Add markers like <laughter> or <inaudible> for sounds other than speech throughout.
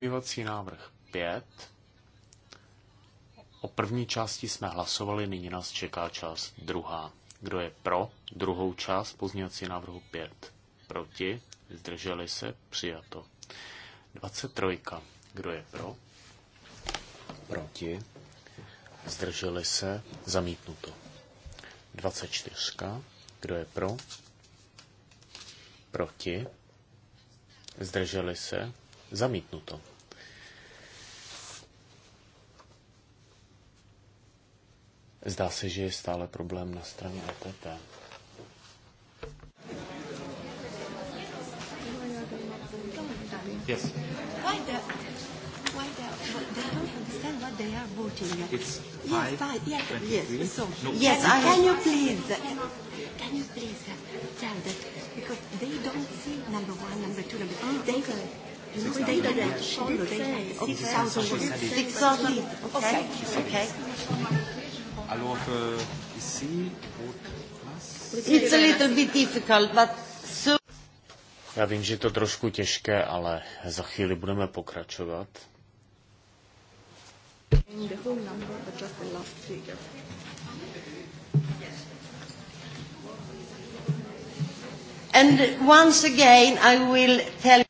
Pozměňovací návrh 5. O první části jsme hlasovali, nyní nás čeká část druhá. Kdo je pro druhou část pozměňovací návrhu 5? Proti? Zdrželi se? Přijato. 23. Kdo je pro? Proti? Zdrželi se? Zamítnuto. 24. Kdo je pro? Proti? Zdrželi se? Zamítnuto. Zdá se, že je stále problém na straně EPP. Yes. Why the, why the, they don't understand what they are voting. at. It's five, yes, five, yes, yes. So, no. yes, I uh, can you please, can you please tell that because they don't see number one, number two, number three. They, já vím, že je to trošku těžké, ale za chvíli budeme pokračovat. And once again I will tell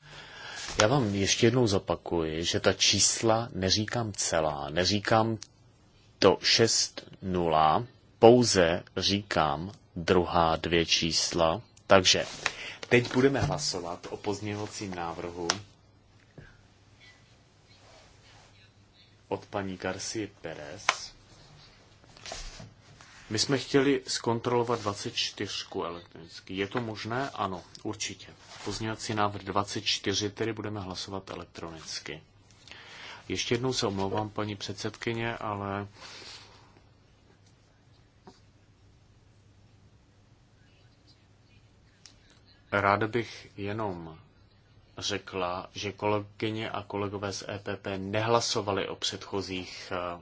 já vám ještě jednou zapakuji, že ta čísla neříkám celá, neříkám to 6-0, pouze říkám druhá dvě čísla. Takže teď budeme hlasovat o pozměňovacím návrhu od paní Garci Perez. My jsme chtěli zkontrolovat 24 elektronicky. Je to možné? Ano, určitě pozměňovací návrh 24, tedy budeme hlasovat elektronicky. Ještě jednou se omlouvám, paní předsedkyně, ale ráda bych jenom řekla, že kolegyně a kolegové z EPP nehlasovali o předchozích eh,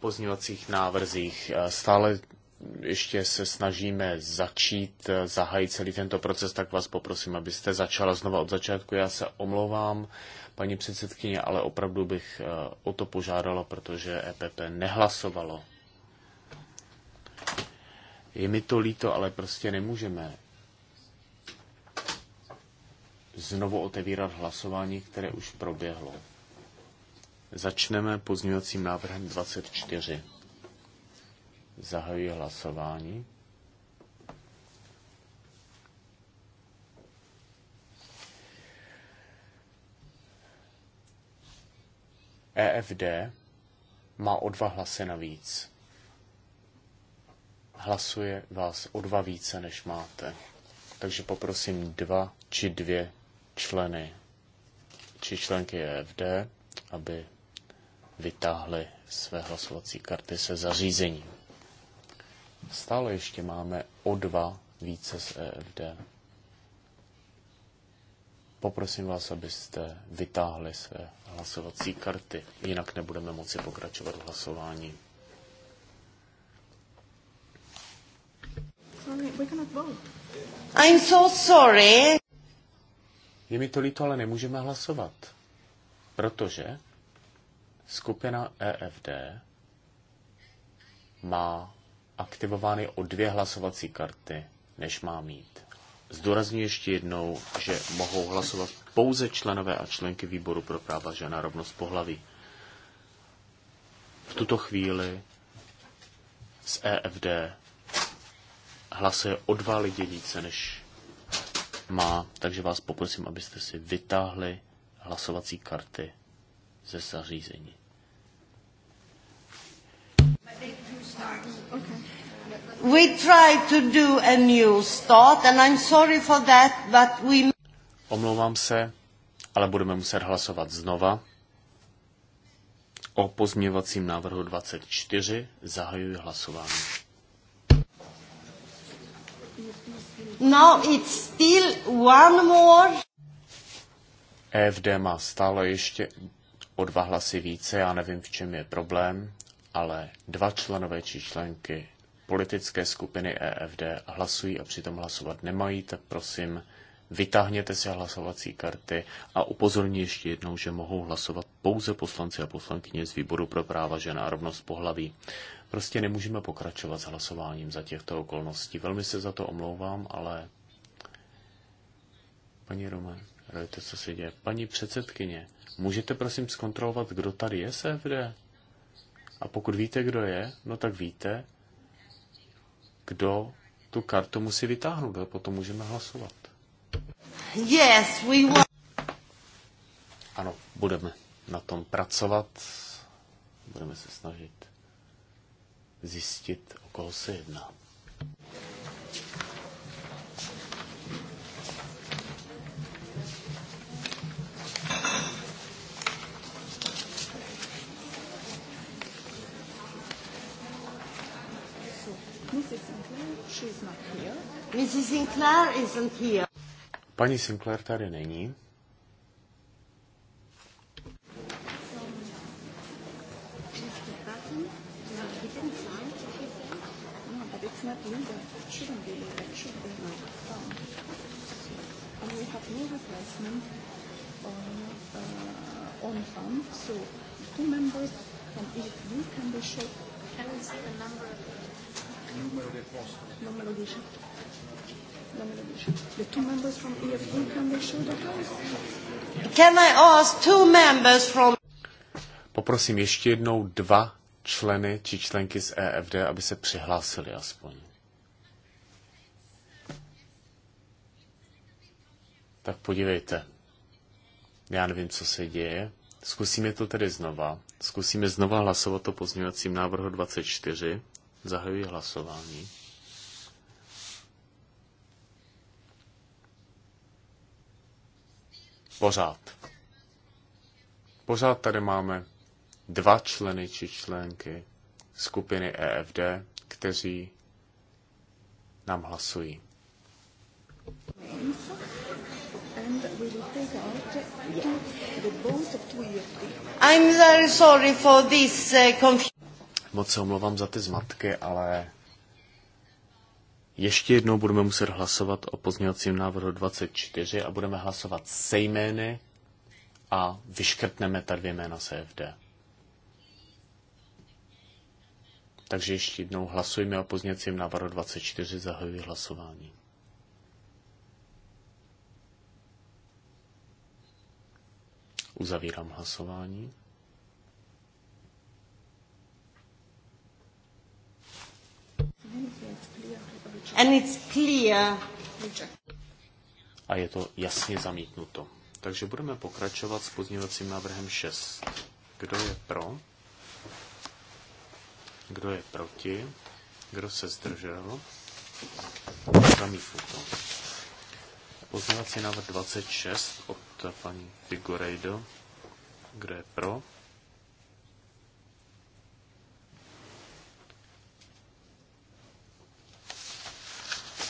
pozměňovacích návrzích. Eh, stále ještě se snažíme začít, eh, zahájit celý tento proces, tak vás poprosím, abyste začala znova od začátku. Já se omlouvám, paní předsedkyně, ale opravdu bych eh, o to požádala, protože EPP nehlasovalo. Je mi to líto, ale prostě nemůžeme znovu otevírat hlasování, které už proběhlo. Začneme pozměňovacím návrhem 24. Zahajuji hlasování. EFD má o dva hlasy navíc. Hlasuje vás o dva více, než máte. Takže poprosím dva či dvě členy či členky EFD, aby vytáhly své hlasovací karty se zařízením. Stále ještě máme o dva více z EFD. Poprosím vás, abyste vytáhli své hlasovací karty, jinak nebudeme moci pokračovat v hlasování. I'm so sorry. Je mi to líto, ale nemůžeme hlasovat, protože skupina EFD má aktivovány o dvě hlasovací karty, než má mít. Zdůrazním ještě jednou, že mohou hlasovat pouze členové a členky výboru pro práva žen a rovnost pohlaví. V tuto chvíli z EFD hlasuje o dva lidi více, než má, takže vás poprosím, abyste si vytáhli hlasovací karty ze zařízení. We try to do a new start and I'm sorry for that, but we... Omlouvám se, ale budeme muset hlasovat znova. O pozměvacím návrhu 24 zahajuji hlasování. Now it's still one more. EFD má stále ještě o dva hlasy více, já nevím, v čem je problém, ale dva členové či členky politické skupiny EFD hlasují a přitom hlasovat nemají, tak prosím, vytáhněte si hlasovací karty a upozorní ještě jednou, že mohou hlasovat pouze poslanci a poslankyně z výboru pro práva žen a rovnost pohlaví. Prostě nemůžeme pokračovat s hlasováním za těchto okolností. Velmi se za to omlouvám, ale... Paní Rome, radíte, co se děje. Paní předsedkyně, můžete prosím zkontrolovat, kdo tady je z e FD? A pokud víte, kdo je, no tak víte, kdo tu kartu musí vytáhnout a potom můžeme hlasovat. Yes, we will. Ano, budeme na tom pracovat. Budeme se snažit zjistit, o koho se jedná. Musí Sinclair Paní Sinclair tady není. Can we see the number of numero del posto. Non me lo dice. Non me lo dice. The two members from EFD can they show the Can I ask two members from... Poprosím ještě jednou dva členy či členky z EFD, aby se přihlásili aspoň. Tak podívejte. Já nevím, co se děje. Zkusíme to tedy znova. Zkusíme znova hlasovat o pozměňovacím návrhu 24. Zahajuji hlasování. Pořád. Pořád tady máme dva členy či členky skupiny EFD, kteří nám hlasují. I'm very sorry for this uh, confusion. Moc se omlouvám za ty zmatky, ale ještě jednou budeme muset hlasovat o pozměňovacím návrhu 24 a budeme hlasovat se jmény a vyškrtneme ta dvě jména CFD. Takže ještě jednou hlasujeme o pozněcím návrhu 24, zahajuji hlasování. Uzavírám hlasování. A je to jasně zamítnuto. Takže budeme pokračovat s pozměňovacím návrhem 6. Kdo je pro? Kdo je proti? Kdo se zdržel? Zamítnuto. Pozměňovací návrh 26 od paní Figurejdo. Kdo je pro?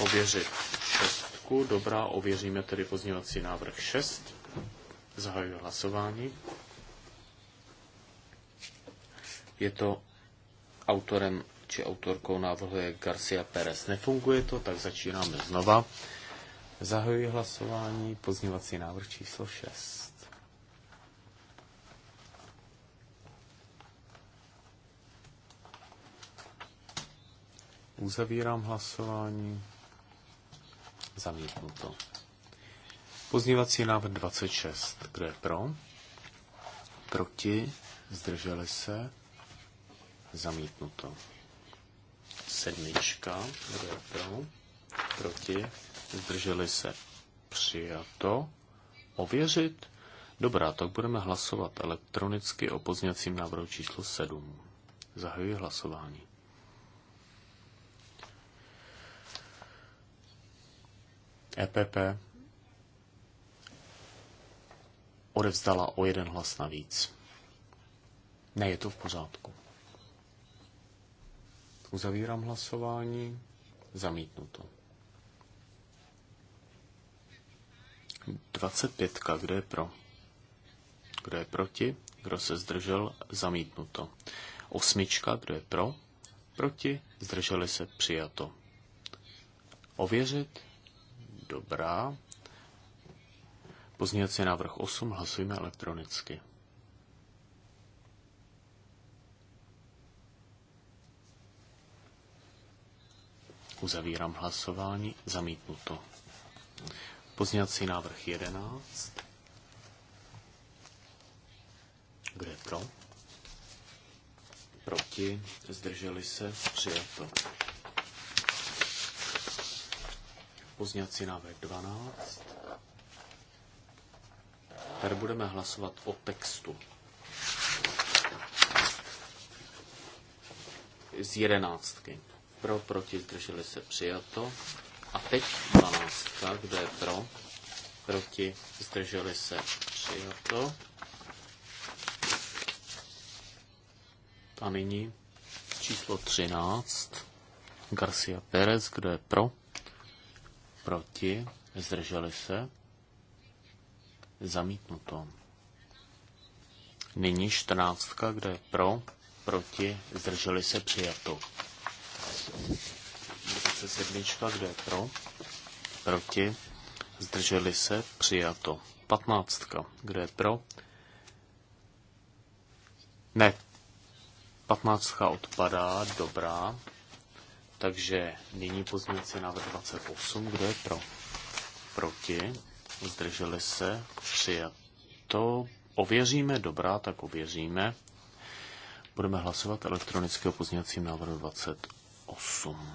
ověřit šestku. Dobrá, ověříme tedy pozměňovací návrh 6. Zahajuji hlasování. Je to autorem či autorkou návrhu je Garcia Perez. Nefunguje to, tak začínáme znova. Zahajuji hlasování, pozněvací návrh číslo 6. Uzavírám hlasování. Zamítnuto. Pozněvací návrh 26. Kdo je pro? Proti? Zdrželi se? Zamítnuto. Sedmička. Kdo je pro? Proti? Zdrželi se? Přijato. Ověřit? Dobrá, tak budeme hlasovat elektronicky o pozněcím návrhu číslo 7. Zahajuji hlasování. EPP odevzdala o jeden hlas navíc. Ne, je to v pořádku. Uzavírám hlasování. Zamítnuto. 25. Kdo je pro? Kdo je proti? Kdo se zdržel? Zamítnuto. Osmička. Kdo je pro? Proti? Zdrželi se? Přijato. Ověřit? dobrá. Pozměňovací návrh 8 hlasujeme elektronicky. Uzavírám hlasování. Zamítnuto. Pozměňovací návrh 11. Kdo je pro? Proti? Zdrželi se? Přijato pozněcí návrh 12. Tady budeme hlasovat o textu. Z jedenáctky. Pro, proti, zdrželi se, přijato. A teď dvanáctka, Kde je pro, proti, zdrželi se, přijato. A nyní číslo 13. Garcia Perez, kdo je pro? Proti? Zdrželi se? Zamítnuto. Nyní čtrnáctka, kde je pro, proti, zdrželi se přijato. 27, kde je pro, proti, zdrželi se přijato. 15, kde je pro, ne, 15 odpadá, dobrá, takže nyní pozměňující návrh 28. Kdo je pro? Proti? Zdrželi se? Přijato? Ověříme? Dobrá, tak ověříme. Budeme hlasovat elektronicky o pozměňovacím návrhu 28.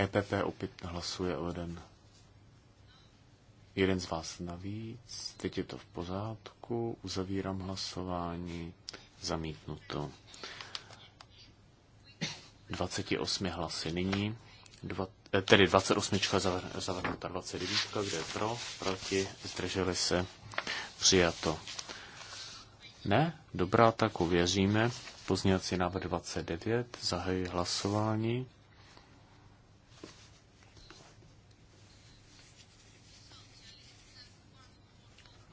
EPP opět hlasuje o jeden. Jeden z vás navíc. Teď je to v pořádku. Uzavírám hlasování zamítnuto 28 hlasy nyní, dva, eh, tedy 28 zavrhnuta 29, kde je pro, proti, zdrželi se, přijato. Ne, dobrá, tak uvěříme. Pozněvací návrh 29, zahajuji hlasování.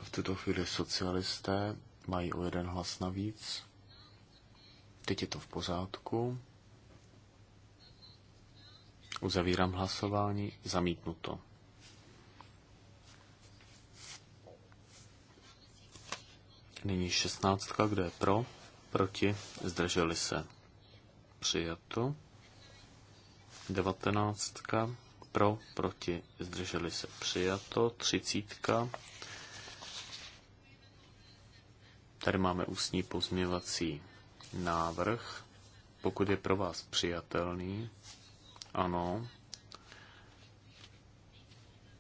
V tuto chvíli socialisté mají o jeden hlas navíc. Teď je to v pořádku. Uzavírám hlasování. Zamítnuto. Nyní šestnáctka, Kdo je pro? Proti? Zdrželi se. Přijato. Devatenáctka Pro, proti, zdrželi se přijato. Třicítka Tady máme ústní pozměvací návrh. Pokud je pro vás přijatelný, ano,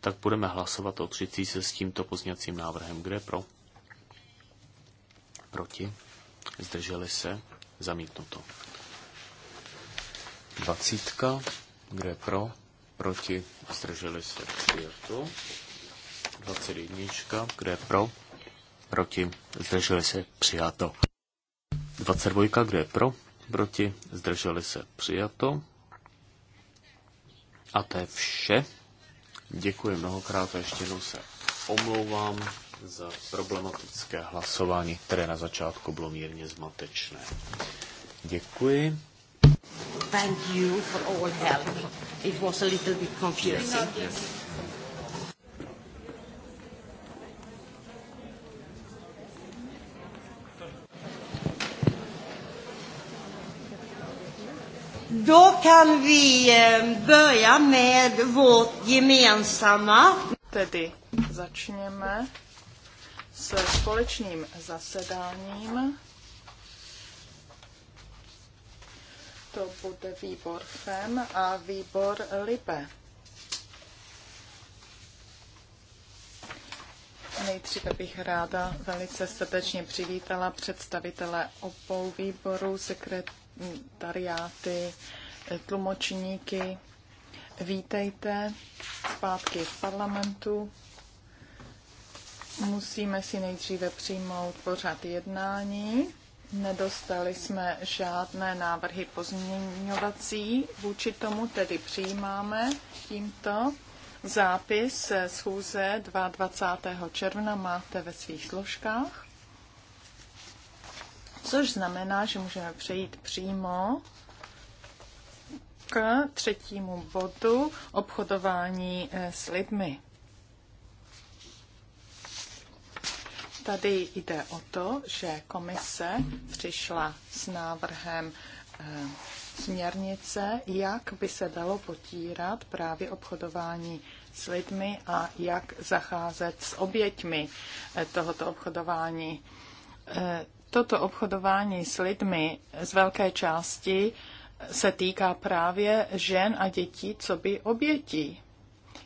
tak budeme hlasovat o 30 se s tímto pozněcím návrhem. Kde pro? Proti? Zdrželi se? Zamítnuto. 20. Kde pro? Proti? Zdrželi se? Přijato. 21. Kde pro? proti, zdrželi se, přijato. 22, kdo je pro, proti, zdrželi se, přijato. A to je vše. Děkuji mnohokrát a ještě jednou se omlouvám za problematické hlasování, které na začátku bylo mírně zmatečné. Děkuji. Thank you for all help. It was a little bit confusing. Yes, yes. Då kan vi eh, börja med vårt gemensamma. Tedy začněme se společným zasedáním. To bude výbor FEM a výbor LIBE. Nejdříve bych ráda velice srdečně přivítala představitele obou výborů, sekretářů Tariáty, eh, tlumočníky. Vítejte zpátky v parlamentu. Musíme si nejdříve přijmout pořad jednání. Nedostali jsme žádné návrhy pozměňovací. Vůči tomu tedy přijímáme tímto. Zápis schůze 22. června máte ve svých složkách což znamená, že můžeme přejít přímo k třetímu bodu obchodování eh, s lidmi. Tady jde o to, že komise přišla s návrhem eh, směrnice, jak by se dalo potírat právě obchodování s lidmi a jak zacházet s oběťmi eh, tohoto obchodování toto obchodování s lidmi z velké části se týká právě žen a dětí, co by obětí,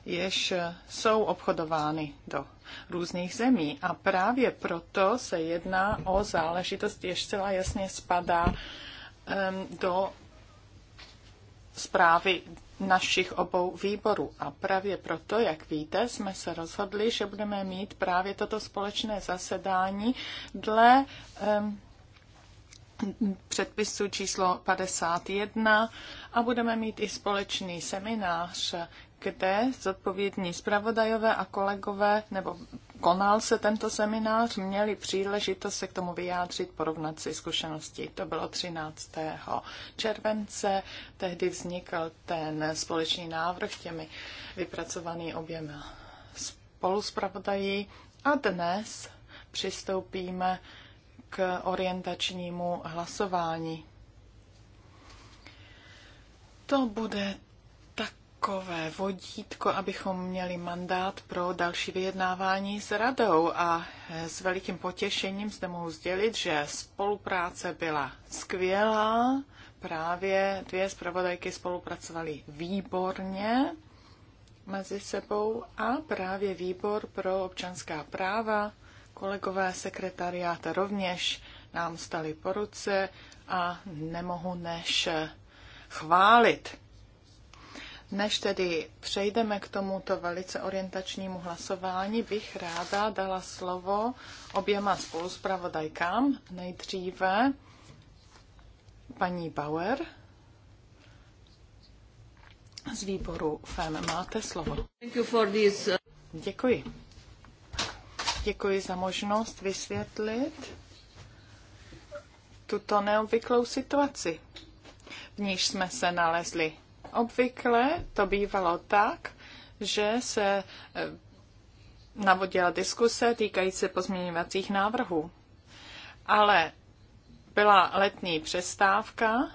jež jsou obchodovány do různých zemí. A právě proto se jedná o záležitost, jež celá jasně spadá um, do zprávy našich obou výborů. A právě proto, jak víte, jsme se rozhodli, že budeme mít právě toto společné zasedání dle um, předpisu číslo 51 a budeme mít i společný seminář, kde zodpovědní zpravodajové a kolegové, nebo konal se tento seminář, měli příležitost se k tomu vyjádřit, porovnat si zkušenosti. To bylo 13. července, tehdy vznikl ten společný návrh těmi vypracovaný oběma spoluspravodají a dnes přistoupíme k orientačnímu hlasování. To bude takové vodítko, abychom měli mandát pro další vyjednávání s radou a s velikým potěšením zde mohu sdělit, že spolupráce byla skvělá, právě dvě zpravodajky spolupracovaly výborně mezi sebou a právě výbor pro občanská práva, kolegové sekretariáta rovněž nám stali po ruce a nemohu než chválit než tedy přejdeme k tomuto velice orientačnímu hlasování, bych ráda dala slovo oběma spoluspravodajkám. Nejdříve paní Bauer z výboru FEM. Máte slovo. Uh, Děkuji. Děkuji za možnost vysvětlit tuto neobvyklou situaci, v níž jsme se nalezli Obvykle to bývalo tak, že se eh, navodila diskuse týkající pozměňovacích návrhů. Ale byla letní přestávka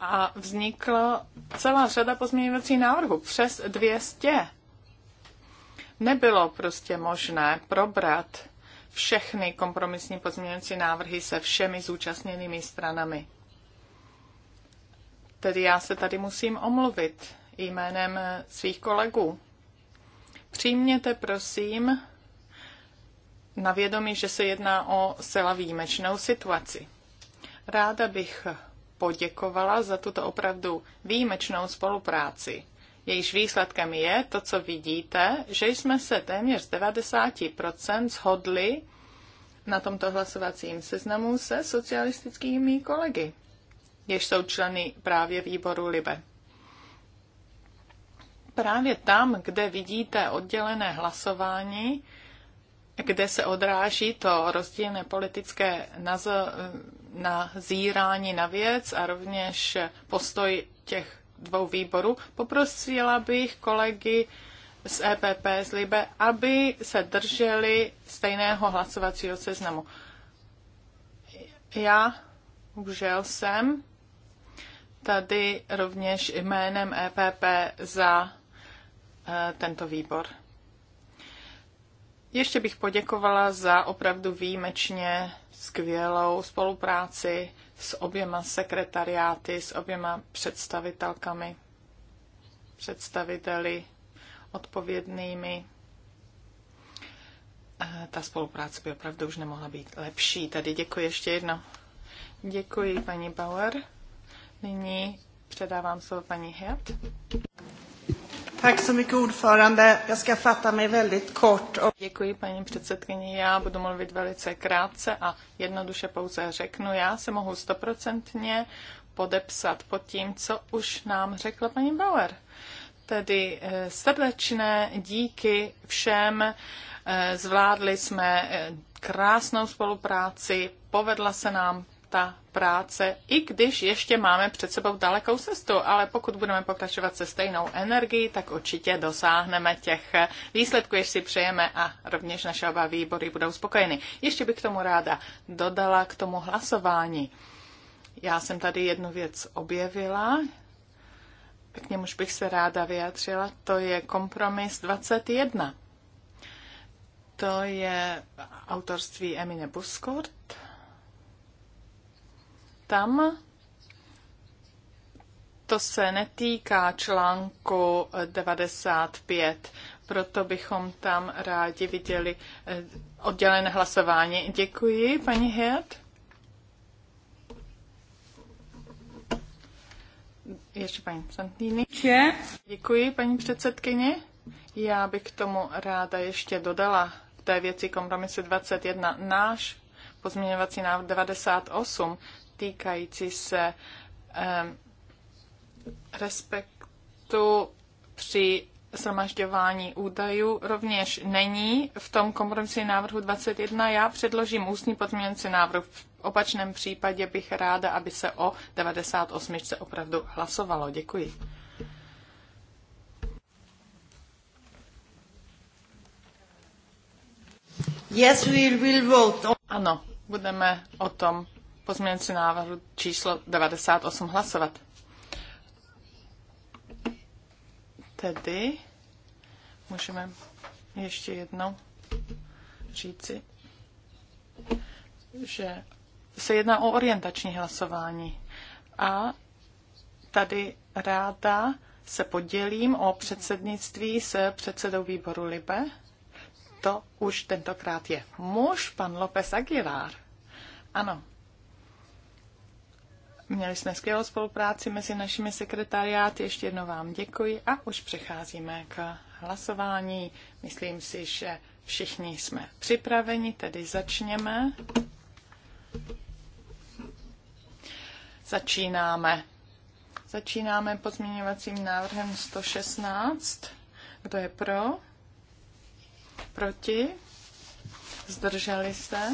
a vznikla celá řada pozměňovacích návrhů, přes 200. Nebylo prostě možné probrat všechny kompromisní pozměňovací návrhy se všemi zúčastněnými stranami. Tedy já se tady musím omluvit jménem svých kolegů. Přijměte prosím na vědomí, že se jedná o zcela výjimečnou situaci. Ráda bych poděkovala za tuto opravdu výjimečnou spolupráci. Jejíž výsledkem je to, co vidíte, že jsme se téměř 90% shodli na tomto hlasovacím seznamu se socialistickými kolegy jež jsou členy právě výboru LIBE. Právě tam, kde vidíte oddělené hlasování, kde se odráží to rozdílné politické nazírání na věc a rovněž postoj těch dvou výborů, poprosila bych kolegy z EPP, z LIBE, aby se drželi stejného hlasovacího seznamu. Já užel jsem tady rovněž jménem EPP za eh, tento výbor. Ještě bych poděkovala za opravdu výjimečně skvělou spolupráci s oběma sekretariáty, s oběma představitelkami, představiteli odpovědnými. Eh, ta spolupráce by opravdu už nemohla být lepší. Tady děkuji ještě jedno. Děkuji, paní Bauer. Nyní předávám slovo paní Hjert. Tak se mi ordförande. já ska fatta mi väldigt kort. Děkuji paní předsedkyni, já budu mluvit velice krátce a jednoduše pouze řeknu, já se mohu stoprocentně podepsat pod tím, co už nám řekla paní Bauer. Tedy eh, srdečné díky všem, eh, zvládli jsme eh, krásnou spolupráci, povedla se nám ta práce, i když ještě máme před sebou dalekou cestu, ale pokud budeme pokračovat se stejnou energií, tak určitě dosáhneme těch výsledků, jež si přejeme a rovněž naše oba výbory budou spokojeny. Ještě bych k tomu ráda dodala k tomu hlasování. Já jsem tady jednu věc objevila, k němuž bych se ráda vyjadřila, to je kompromis 21. To je autorství Emine Buskort tam to se netýká článku 95, proto bychom tam rádi viděli eh, oddělené hlasování. Děkuji, paní Hert. Ještě paní Santýny. Děkuji, paní předsedkyně. Já bych k tomu ráda ještě dodala v té věci kompromisu 21 náš pozměňovací návrh 98 týkající se um, respektu při zhromažďování údajů rovněž není v tom kompromisní návrhu 21. Já předložím ústní podměnci návrh. V opačném případě bych ráda, aby se o 98. opravdu hlasovalo. Děkuji. Yes, we will vote. Ano, budeme o tom pozměňující návrhu číslo 98 hlasovat. Tedy můžeme ještě jednou říci, že se jedná o orientační hlasování. A tady ráda se podělím o předsednictví s předsedou výboru Libe. To už tentokrát je muž, pan López Aguilar. Ano, Měli jsme skvělou spolupráci mezi našimi sekretariáty. Ještě jednou vám děkuji a už přecházíme k hlasování. Myslím si, že všichni jsme připraveni, tedy začněme. Začínáme. Začínáme pozměňovacím návrhem 116. Kdo je pro? Proti? Zdrželi se?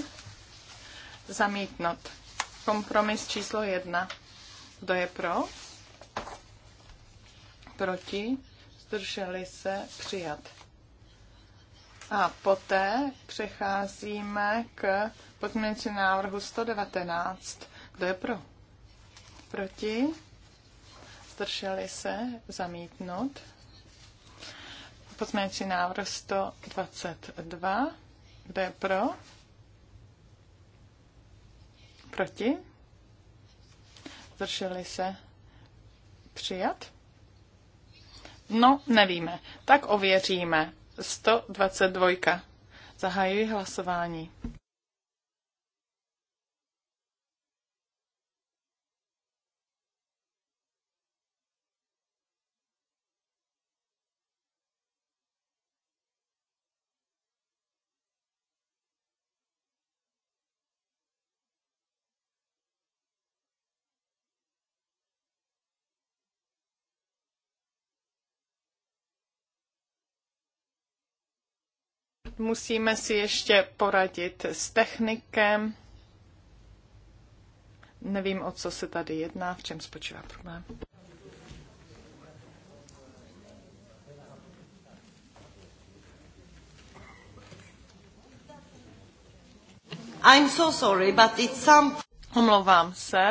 Zamítnout. Kompromis číslo jedna. Kdo je pro? Proti? Zdrželi se? Přijat. A poté přecházíme k podmínce návrhu 119. Kdo je pro? Proti? Zdrželi se? Zamítnout. Pozměňující návrh 122. Kdo je pro? Proti? Zdrželi se přijat? No, nevíme. Tak ověříme. 122. Zahajuji hlasování. Musíme si ještě poradit s technikem. Nevím, o co se tady jedná, v čem spočívá problém. I'm so sorry, but it's some... Omlouvám se.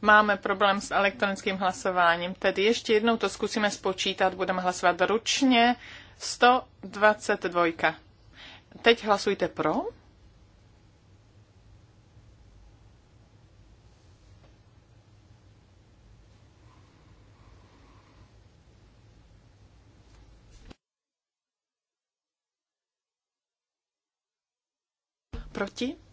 Máme problém s elektronickým hlasováním, tedy ještě jednou to zkusíme spočítat, budeme hlasovat ručně, 122. Teď hlasujte pro. Proti?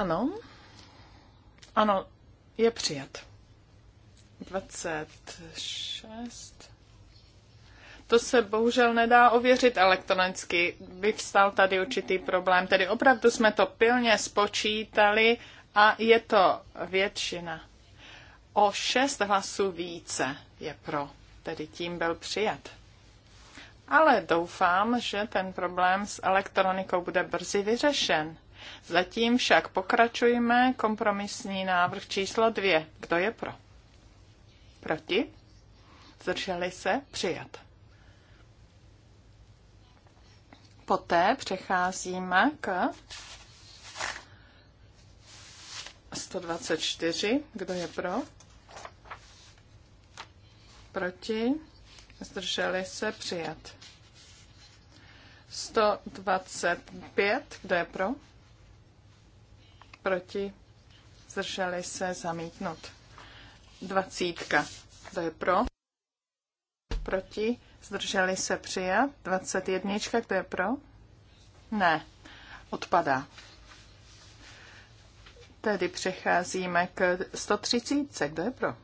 Ano. Ano, je přijat. 26. To se bohužel nedá ověřit elektronicky. Vyvstal tady určitý problém. Tedy opravdu jsme to pilně spočítali a je to většina. O šest hlasů více je pro. Tedy tím byl přijat. Ale doufám, že ten problém s elektronikou bude brzy vyřešen Zatím však pokračujeme kompromisní návrh číslo dvě. Kdo je pro? Proti? Zdrželi se? Přijat. Poté přecházíme k 124. Kdo je pro? Proti? Zdrželi se? Přijat. 125. Kdo je pro? proti, zdrželi se zamítnout. Dvacítka, to je pro, proti, zdrželi se přijat. Dvacet jednička, to je pro, ne, odpadá. Tedy přecházíme k 130. Kdo je pro?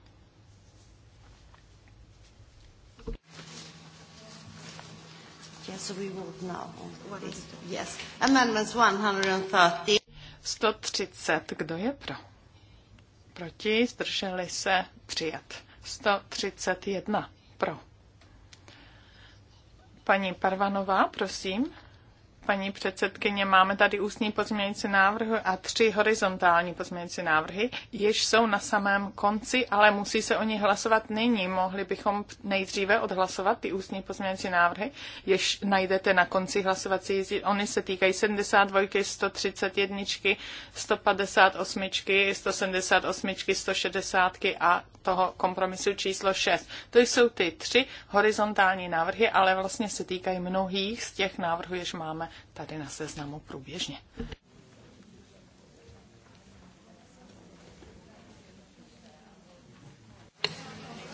Yes, we vote now. What is it? Yes. Amendments 130. 130. Kdo je pro? Proti? Zdrželi se? Přijat. 131. Pro. Paní Parvanová, prosím paní předsedkyně, máme tady ústní pozměňující návrh a tři horizontální pozměňující návrhy, jež jsou na samém konci, ale musí se o nich hlasovat nyní. Mohli bychom nejdříve odhlasovat ty ústní pozměňující návrhy, jež najdete na konci hlasovací jízdy. Ony se týkají 72, 131, 158, 178, 160 a toho kompromisu číslo 6. To jsou ty tři horizontální návrhy, ale vlastně se týkají mnohých z těch návrhů, jež máme tady na seznamu průběžně.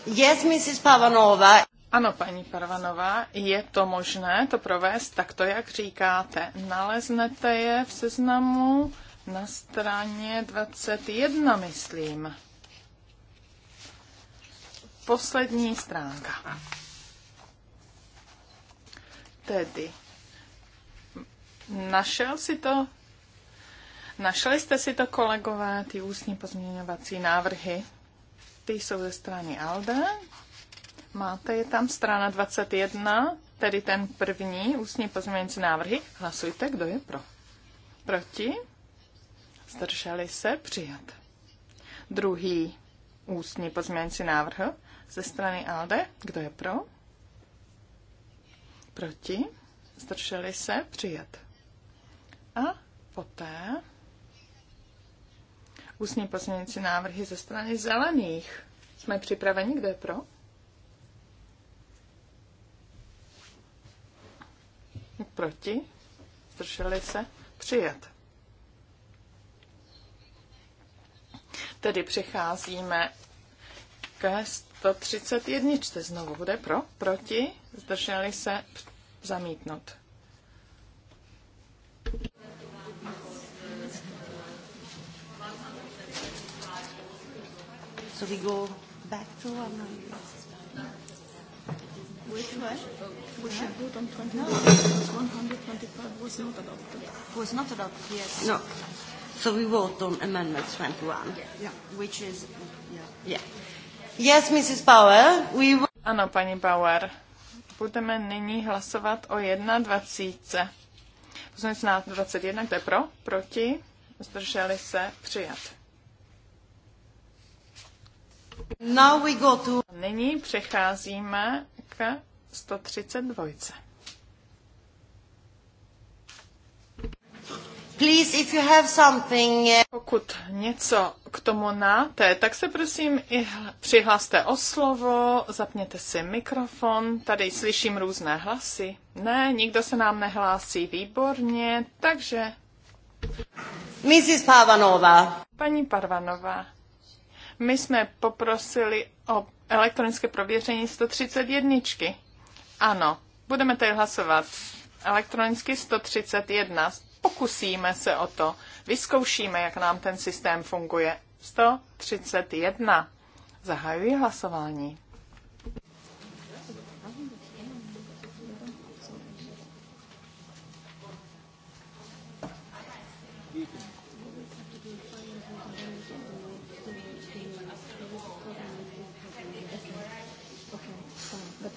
Yes, Mrs. Pavanova. Ano, paní Parvanová, je to možné to provést takto, jak říkáte. Naleznete je v seznamu na straně 21, myslím. Poslední stránka. Tedy Našel si to? Našli jste si to, kolegové, ty ústní pozměňovací návrhy? Ty jsou ze strany ALDE. Máte je tam strana 21, tedy ten první ústní pozměňovací návrhy. Hlasujte, kdo je pro. Proti? Zdrželi se přijat. Druhý ústní pozměňovací návrh ze strany ALDE. Kdo je pro? Proti? Zdrželi se přijat. A poté ústní pozměňující návrhy ze strany zelených. Jsme připraveni, kde je pro? Proti? Zdrželi se? Přijat. Tedy přecházíme ke 131. Znovu bude pro, proti, zdrželi se, zamítnout. So we go back to our Which one? We should vote on 21 No. 125 was not adopted. Was not adopted, yes. No. So we vote on Amendment 21. Yeah. Which is, yeah. yeah. Yes, Mrs. Power, we... Ano, paní Bauer, budeme nyní hlasovat o 21. Poslanec na 21, kde pro, proti, zdrželi se, přijat. Now we go to... Nyní přecházíme k 132. Please, if you have something... Eh, Pokud něco k tomu náte, tak se prosím i přihlaste o slovo, zapněte si mikrofon, tady slyším různé hlasy. Ne, nikdo se nám nehlásí, výborně, takže... Mrs. Parvanova. Paní Parvanová. My jsme poprosili o elektronické prověření 131. Ano, budeme tady hlasovat elektronicky 131. Pokusíme se o to. Vyzkoušíme, jak nám ten systém funguje. 131. Zahajuji hlasování.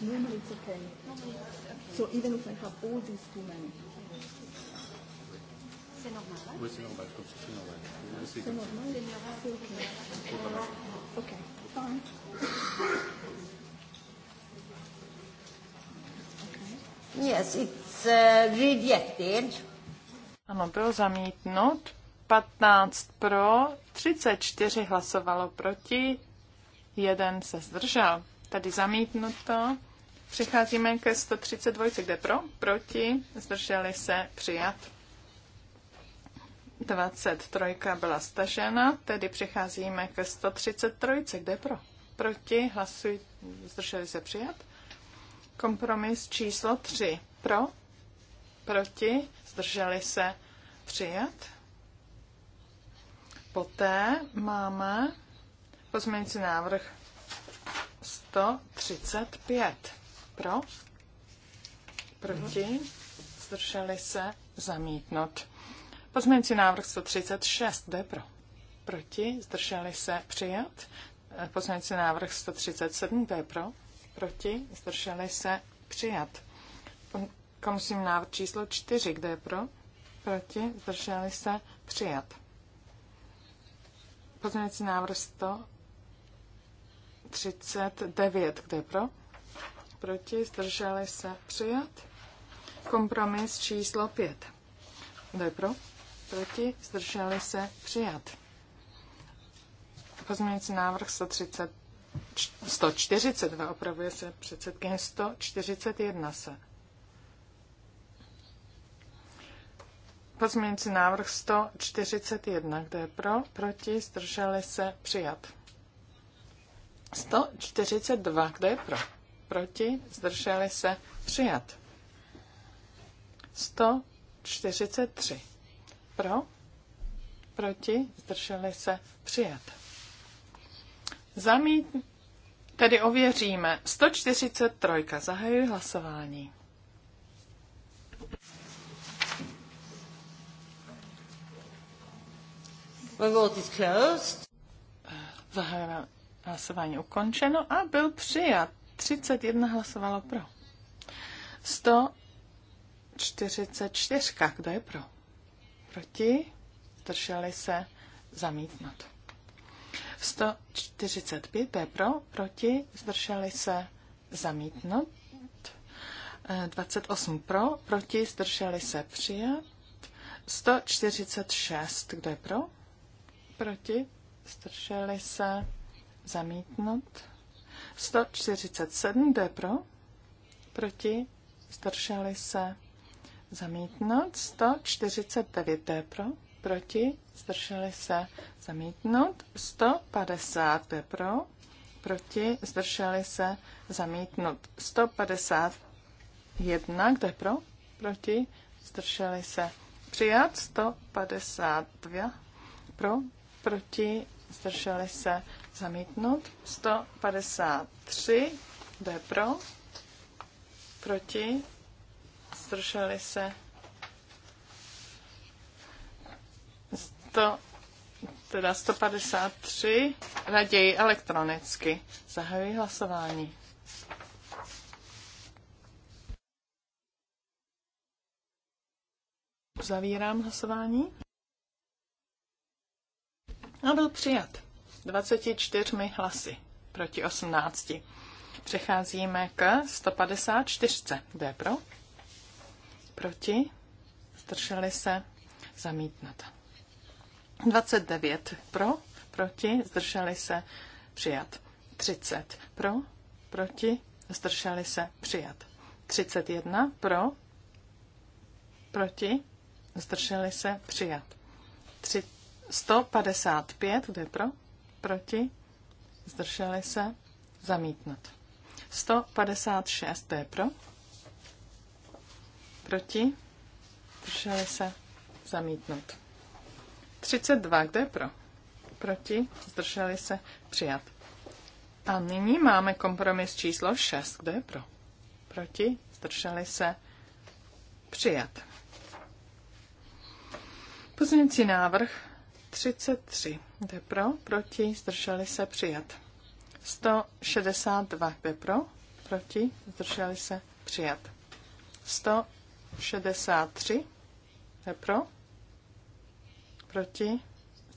Normally it's okay. So even if I have all these too many. Oui, c'est normal. Comme c'est normal. C'est normal. okay. Fine. Yes, it's uh, rejected. Ano, byl zamítnut. 15 pro, 34 hlasovalo proti, jeden se zdržel. Tady zamítnuto. Přicházíme ke 132, kde pro, proti, zdrželi se, přijat. 23 byla stažena, tedy přicházíme ke 133, kde pro, proti, hlasuj, zdrželi se, přijat. Kompromis číslo 3, pro, proti, zdrželi se, přijat. Poté máme pozměňující návrh 135. Pro? Proti? Zdrželi se? Zamítnout. Pozměňující návrh 136. Kdo pro? Proti? Zdrželi se? Přijat. Pozměňující návrh 137. Kdo pro? Proti? Zdrželi se? Přijat. Komisím návrh číslo 4. kde je pro? Proti? Zdrželi se? Přijat. Pozměňující návrh 139. kde je pro? proti, zdrželi se, přijat. Kompromis číslo 5. Kdo je pro? Proti, zdrželi se, přijat. Pozměňující návrh 130, 142, opravuje se předsedkyně 141 se. Pozměňující návrh 141, kdo je pro, proti, zdrželi se, přijat. 142, kdo je pro? proti, zdrželi se, přijat. 143 pro, proti, zdrželi se, přijat. Zamít, tedy ověříme. 143. Zahajuji hlasování. My vote is closed. Eh, hlasování ukončeno a byl přijat 31 hlasovalo pro. 144. Kdo je pro? Proti? Zdrželi se zamítnout. 145. Kdo je pro? Proti? Zdrželi se zamítnout. 28 pro, proti, zdrželi se přijat. 146, kdo je pro? Proti, zdrželi se zamítnout. 147 jde pro, proti, zdrželi se zamítnout. 149 jde pro, proti, zdrželi se zamítnout. 150 jde pro, proti, zdrželi se zamítnout. 151 jde pro, proti, zdrželi se přijat. 152 pro, proti, zdrželi se zamítnut. 153, kdo pro, proti, zdrželi se 100, teda 153, raději elektronicky. Zahajuji hlasování. Zavírám hlasování. A byl přijat. 24 hlasy proti 18. Přecházíme k 154. Kdo je pro? Proti? Zdrželi se? zamítnat. 29 pro, proti, zdrželi se, přijat. 30 pro, proti, zdrželi se, přijat. 31 pro, proti, zdrželi se, přijat. 3, 155, kde pro, proti, zdrželi se, zamítnut. 156, to je pro, proti, zdrželi se, zamítnut. 32, kde je pro, proti, zdrželi se, přijat. A nyní máme kompromis číslo 6, kde je pro, proti, zdrželi se, přijat. Pozměnící návrh 33. Kde pro? Proti? Zdrželi se přijat. 162. Kde pro? Proti? Zdrželi se přijat. 163. Kde pro? Proti?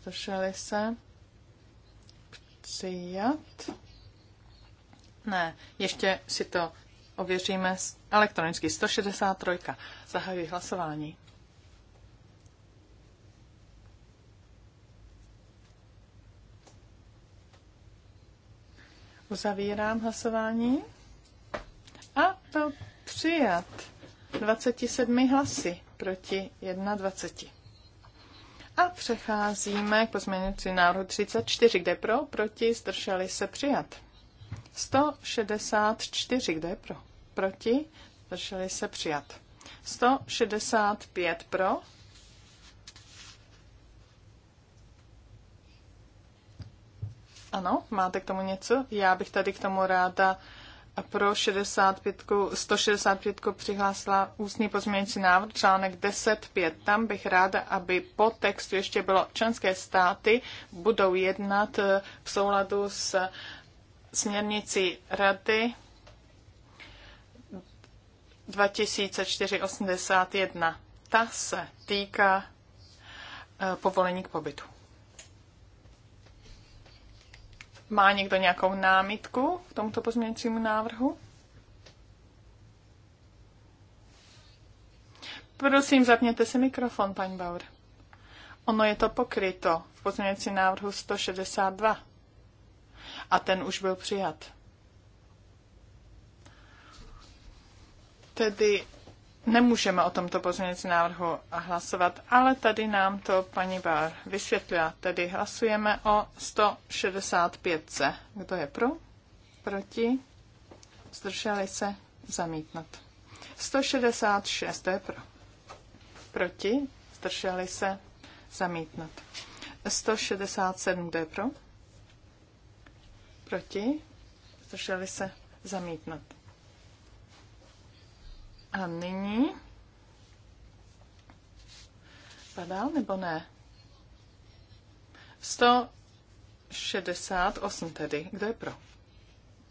Zdrželi se přijat. Ne, ještě si to ověříme elektronicky. 163. Zahajuji hlasování. Uzavírám hlasování. A byl přijat 27 hlasy proti 21. A přecházíme k pozměňující návrhu 34, kde pro, proti, zdrželi se přijat. 164, kde pro, proti, zdrželi se přijat. 165 pro, Ano, máte k tomu něco? Já bych tady k tomu ráda pro 65, 165 přihlásila ústní pozměňující návrh, článek 10.5. Tam bych ráda, aby po textu ještě bylo členské státy budou jednat eh, v souladu s eh, směrnicí Rady 2481. Ta se týká eh, povolení k pobytu. Má někdo nějakou námitku k tomuto pozměňujícímu návrhu? Prosím, zapněte si mikrofon, paní Bauer. Ono je to pokryto v pozměňujícím návrhu 162. A ten už byl přijat. Tedy Nemůžeme o tomto pozměnit návrhu hlasovat, ale tady nám to paní Bár vysvětlila. Tedy hlasujeme o 165. Kdo je pro? Proti? Zdrželi se? Zamítnout. 166. To je pro. Proti? Zdrželi se? Zamítnout. 167. To je pro? Proti? Zdrželi se? Zamítnout. A nyní padal nebo ne? 168 tedy. Kdo je pro?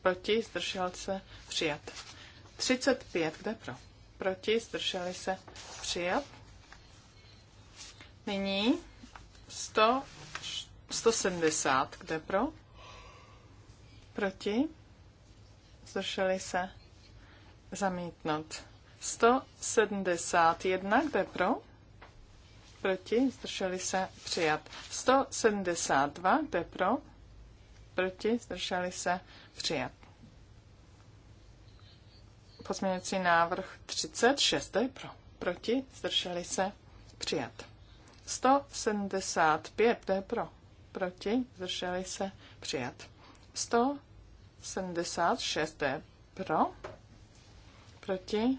Proti, zdržel se, přijat. 35, Kdo je pro? Proti, zdrželi se, přijat. Nyní 100, 170, Kdo je pro? Proti, zdrželi se, zamítnout. 171, kde pro? Proti, zdrželi se, přijat. 172, kde pro? Proti, zdrželi se, přijat. Pozměňující návrh 36, kde pro? Proti, zdrželi se, přijat. 175, kde pro? Proti, zdrželi se, přijat. 176, kde pro? Proti,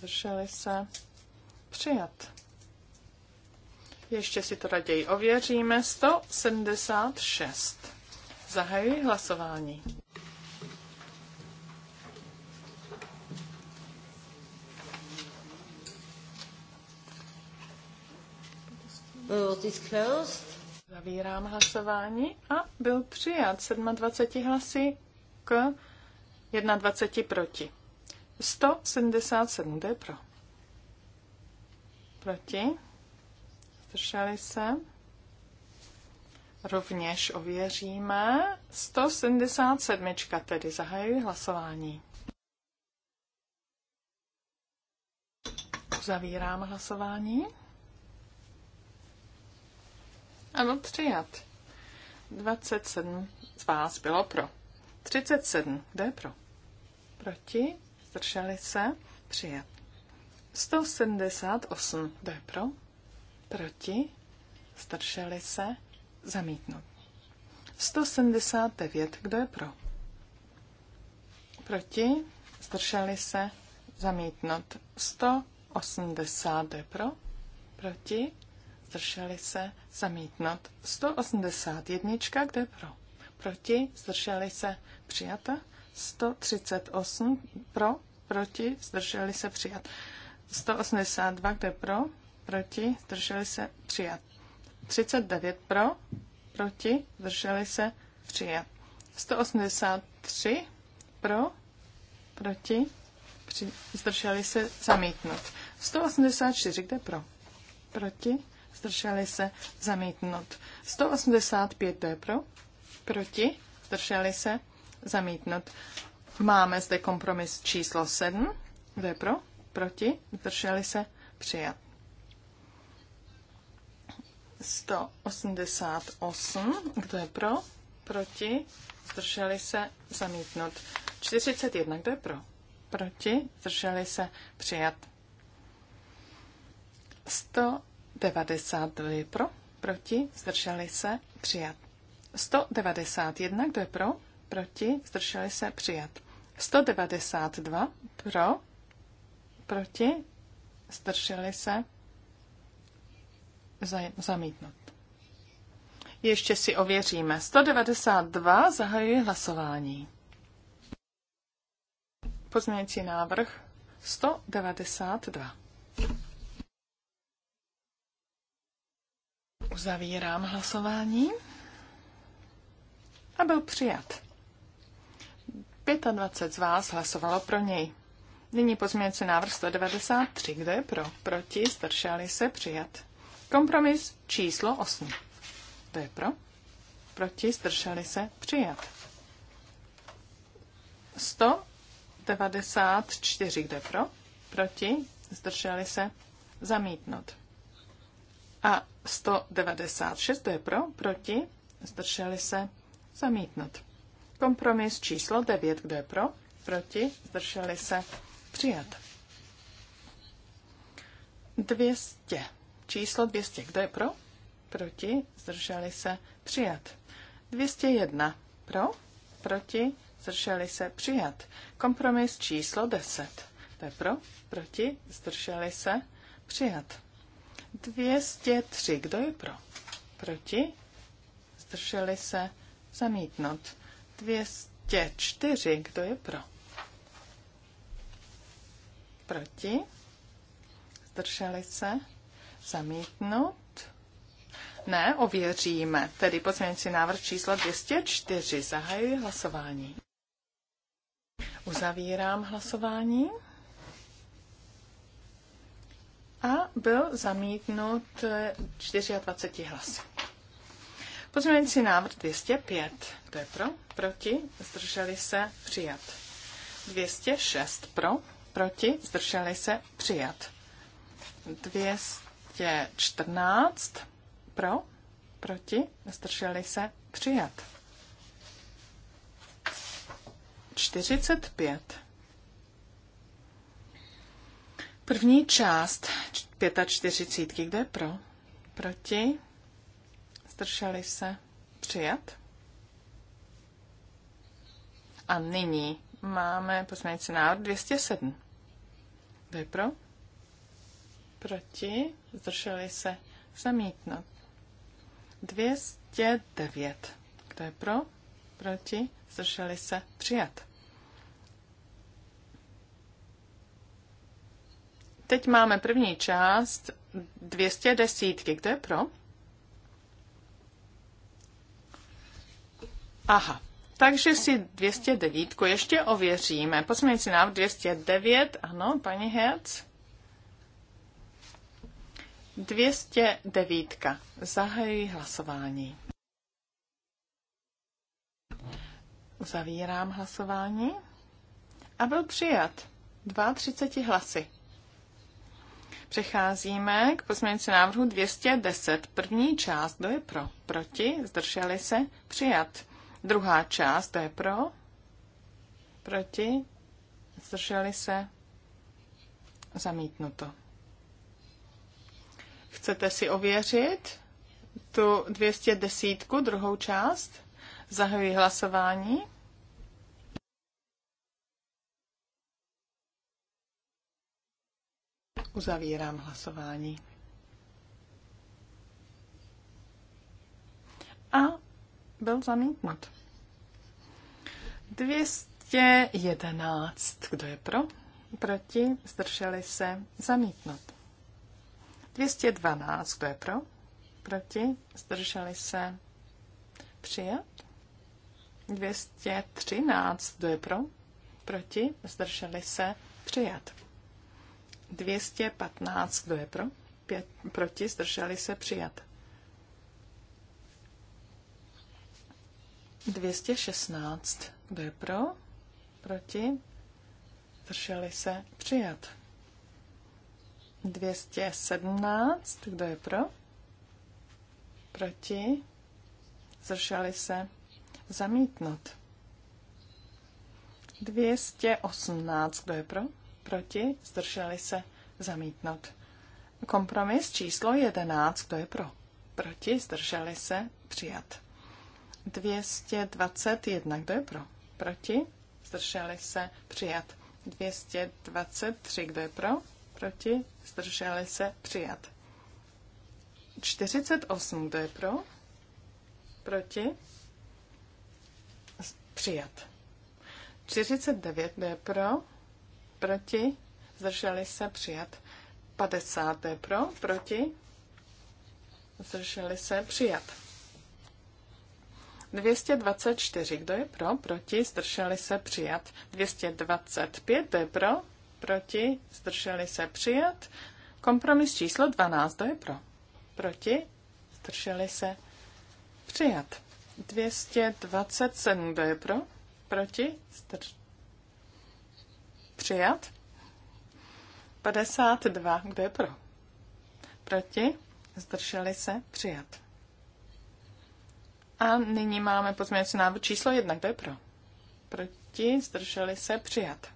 drželi se? Přijat. Ještě si to raději ověříme. 176. Zahajuji hlasování. Zavírám hlasování a byl přijat 27 hlasy k 21 proti. 177, kdo je pro? Proti? Zdrželi se? Rovněž ověříme. 177, tedy zahajuji hlasování. Zavírám hlasování. Ano, přijat. 27 z vás bylo pro. 37, kde je pro? Proti? zdrželi se, přijat. 178, kdo je pro, proti, zdrželi se, zamítnut. 179, kdo je pro, proti, zdrželi se, zamítnut. 180, kdo je pro, proti, zdrželi se, zamítnout. 181, je pro? Proti, zdrželi se, přijata. 138 pro, proti, zdrželi se přijat. 182, kde pro, proti, zdrželi se přijat. 39 pro, proti, zdrželi se přijat. 183 pro, proti, při, zdrželi se zamítnout. 184, kde pro, proti, zdrželi se zamítnout. 185, kde pro, proti, zdrželi se zamítnut. Máme zde kompromis číslo 7. Kdo je pro? Proti? Zdrželi se? Přijat. 188. Kdo je pro? Proti? Zdrželi se? Zamítnut. 41. Kdo je pro? Proti? Zdrželi se? Přijat. 192 pro? Proti? Zdrželi se? Přijat. 191. Kdo je pro? proti, zdrželi se, přijat. 192 pro, proti, zdrželi se, zamítnout. Ještě si ověříme. 192 zahajuje hlasování. Pozměňující návrh 192. Uzavírám hlasování. A byl přijat. 25 z vás hlasovalo pro něj. Nyní pozměňující návrh 193. Kdo je pro? Proti? Zdrželi se? Přijat. Kompromis číslo 8. Kdo je pro? Proti? Zdrželi se? Přijat. 194. Kdo je pro? Proti? Zdrželi se? Zamítnout. A 196. Kdo je pro? Proti? Zdrželi se? Zamítnout. Kompromis číslo 9, kdo je pro? Proti? Zdrželi se? Přijat. 200. Číslo 200, kdo je pro? Proti? Zdrželi se? Přijat. 201. Pro? Proti? Zdrželi se? Přijat. Kompromis číslo 10. Kdo je pro? Proti? Zdrželi se? Přijat. 203. Kdo je pro? Proti? Zdrželi se? Zamítnout. 204. Kdo je pro? Proti? Zdrželi se? Zamítnout? Ne, ověříme. Tedy pozměňující návrh číslo 204. Zahajuji hlasování. Uzavírám hlasování. A byl zamítnut 24 hlasy. Pozměňující návrh 205. To je pro, proti, zdrželi se, přijat. 206 pro, proti, zdrželi se, přijat. 214 pro, proti, zdrželi se, přijat. 45. První část 45. Kdo je pro? Proti? zdrželi se, přijat. A nyní máme pozměňující návrh 207. Kdo je pro? Proti, zdrželi se, zamítnout. 209. Kdo je pro? Proti, zdrželi se, přijat. Teď máme první část 210. Kdo je pro? Aha, takže si 209 ještě ověříme. si nám 209, ano, paní Herc. 209. Zahajuji hlasování. Uzavírám hlasování. A byl přijat 32 hlasy. Přecházíme k pozměňující návrhu 210. První část, kdo je pro? Proti? Zdrželi se? Přijat. Druhá část, to je pro, proti, zdrželi se, zamítnuto. Chcete si ověřit tu 210, druhou část? Zahajuji hlasování. Uzavírám hlasování. A byl zamítnut. 211. Kdo je pro? Proti? Zdrželi se? Zamítnut. 212. Kdo je pro? Proti? Zdrželi se? Přijat. 213. Kdo je pro? Proti? Zdrželi se? Přijat. 215. Kdo je pro? Pět, proti? Zdrželi se? Přijat. 216. Kdo je pro? Proti? Zdrželi se? Přijat. 217. Kdo je pro? Proti? Zdrželi se? Zamítnut. 218. Kdo je pro? Proti? Zdrželi se? Zamítnout. Kompromis číslo 11. Kdo je pro? Proti? Zdrželi se? Přijat. 221. Kdo je pro? Proti? Zdrželi se přijat. 223. Kdo je pro? Proti? Zdrželi se přijat. 48. Kdo je pro? Proti? Přijat. 49. Kdo je pro? Proti? Zdrželi se přijat. 50. Kdo je pro? Proti? Zdrželi se přijat. 224, kdo je pro, proti, zdrželi se přijat. 225, kdo je pro, proti, zdrželi se přijat. Kompromis číslo 12, kdo je pro, proti, zdrželi se přijat. 227, kdo je pro, proti, zdrž... přijat. 52, kdo je pro, proti, zdrželi se přijat. A nyní máme pozměňovací návrh číslo jedna. Kdo je pro? Proti? Zdrželi se? Přijat.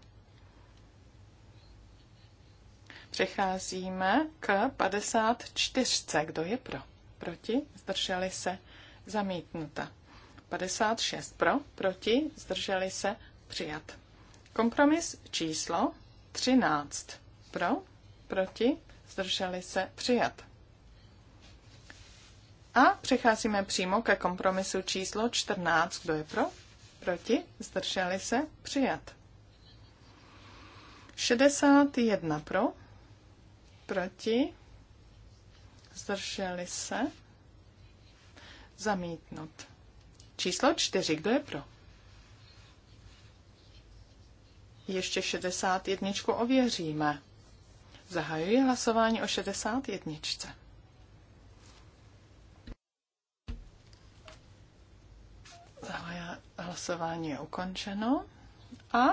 Přecházíme k 54. Kdo je pro? Proti? Zdrželi se? Zamítnuta. 56 pro, proti, zdrželi se, přijat. Kompromis číslo 13 pro, proti, zdrželi se, přijat. A přecházíme přímo ke kompromisu číslo 14. Kdo je pro? Proti? Zdrželi se? Přijat. 61 pro? Proti? Zdrželi se? Zamítnut. Číslo 4. Kdo je pro? Ještě 61 ověříme. Zahajuji hlasování o 61. Hlasování je ukončeno. A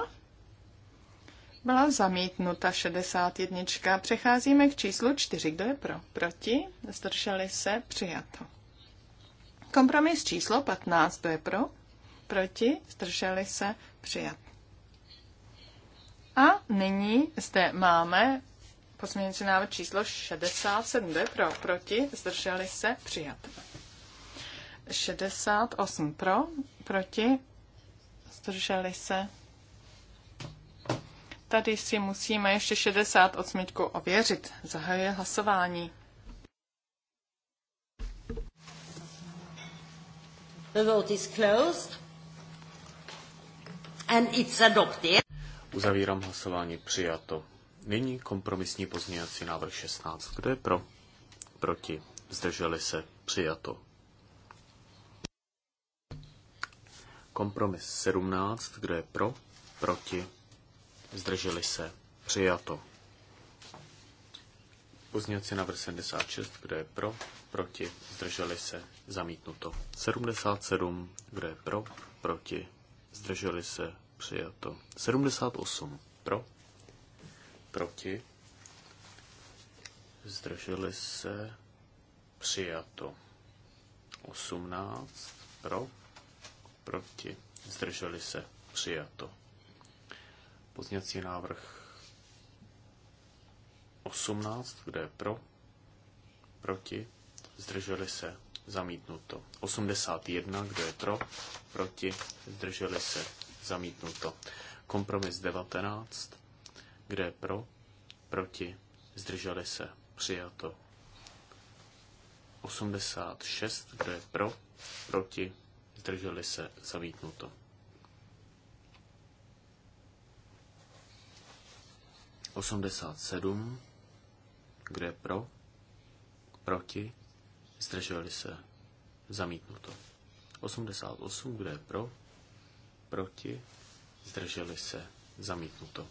byla zamítnuta 61. Přecházíme k číslu 4. Kdo je pro? Proti? Zdrželi se? Přijato. Kompromis číslo 15. Kdo je pro? Proti? Zdrželi se? Přijat. A nyní zde máme pozměňující návrh číslo 67. Kdo je pro? Proti? Zdrželi se? Přijat. 68 pro, proti, zdrželi se. Tady si musíme ještě 68 ověřit. Zahajuje hlasování. The vote is closed. And it's adopted. Uzavírám hlasování přijato. Nyní kompromisní pozměňovací návrh 16. Kdo je pro? Proti. Zdrželi se. Přijato. Kompromis 17, kdo je pro, proti, zdrželi se, přijato. Pozněci návrh 76, kdo je pro, proti, zdrželi se, zamítnuto. 77, kdo je pro, proti, zdrželi se, přijato. 78, pro, proti, zdrželi se, přijato. 18, pro, proti, zdrželi se, přijato. Pozněcí návrh 18, kde je pro, proti, zdrželi se, zamítnuto. 81, kdo je pro, proti, zdrželi se, zamítnuto. Kompromis 19, kde je pro, proti, zdrželi se, přijato. 86, kdo je pro, proti, zdrželi se, zamítnuto. Osmdesát sedm, kde pro, proti, zdrželi se, zamítnuto. osm, kde je pro, proti, zdrželi se, zamítnuto.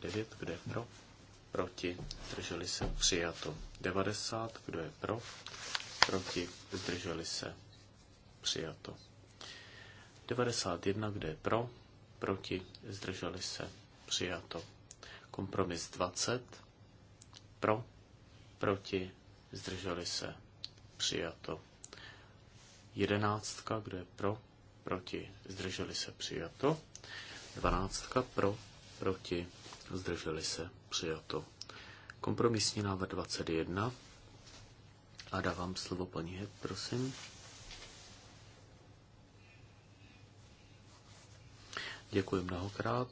devět, kde je pro, proti, zdrželi se, přijato. devadesát, kdo je pro, proti, zdrželi se, Přijato. 91, kde je pro, proti, zdrželi se, přijato. Kompromis 20, pro, proti, zdrželi se, přijato. 11, kde je pro, proti, zdrželi se, přijato. 12, pro, proti, zdrželi se, přijato. Kompromisní návrh 21. A dávám slovo paní Hed, prosím. Děkuji mnohokrát.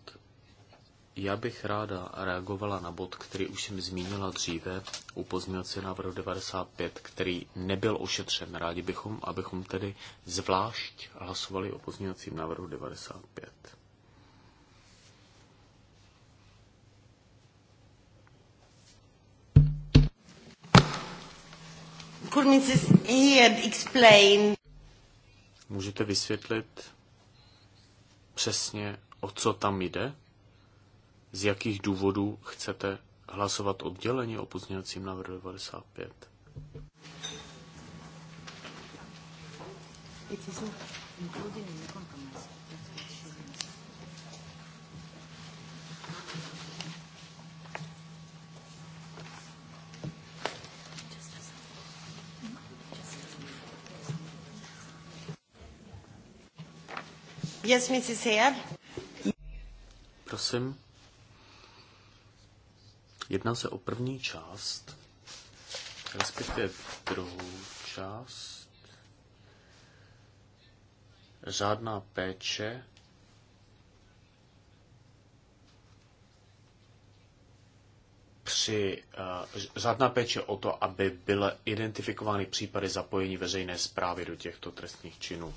Já bych ráda reagovala na bod, který už jsem zmínila dříve u pozměňovacího návrhu 95, který nebyl ošetřen. Rádi bychom, abychom tedy zvlášť hlasovali o pozměňovacím návrhu 95. Můžete vysvětlit, přesně, o co tam jde? Z jakých důvodů chcete hlasovat odděleně o pozměňovacím návrhu 95? It is included in the contract. Yes, Mrs. Heer. Prosím. Jedná se o první část, respektive druhou část. Řádná péče při uh, řádná péče o to, aby byly identifikovány případy zapojení veřejné zprávy do těchto trestných činů.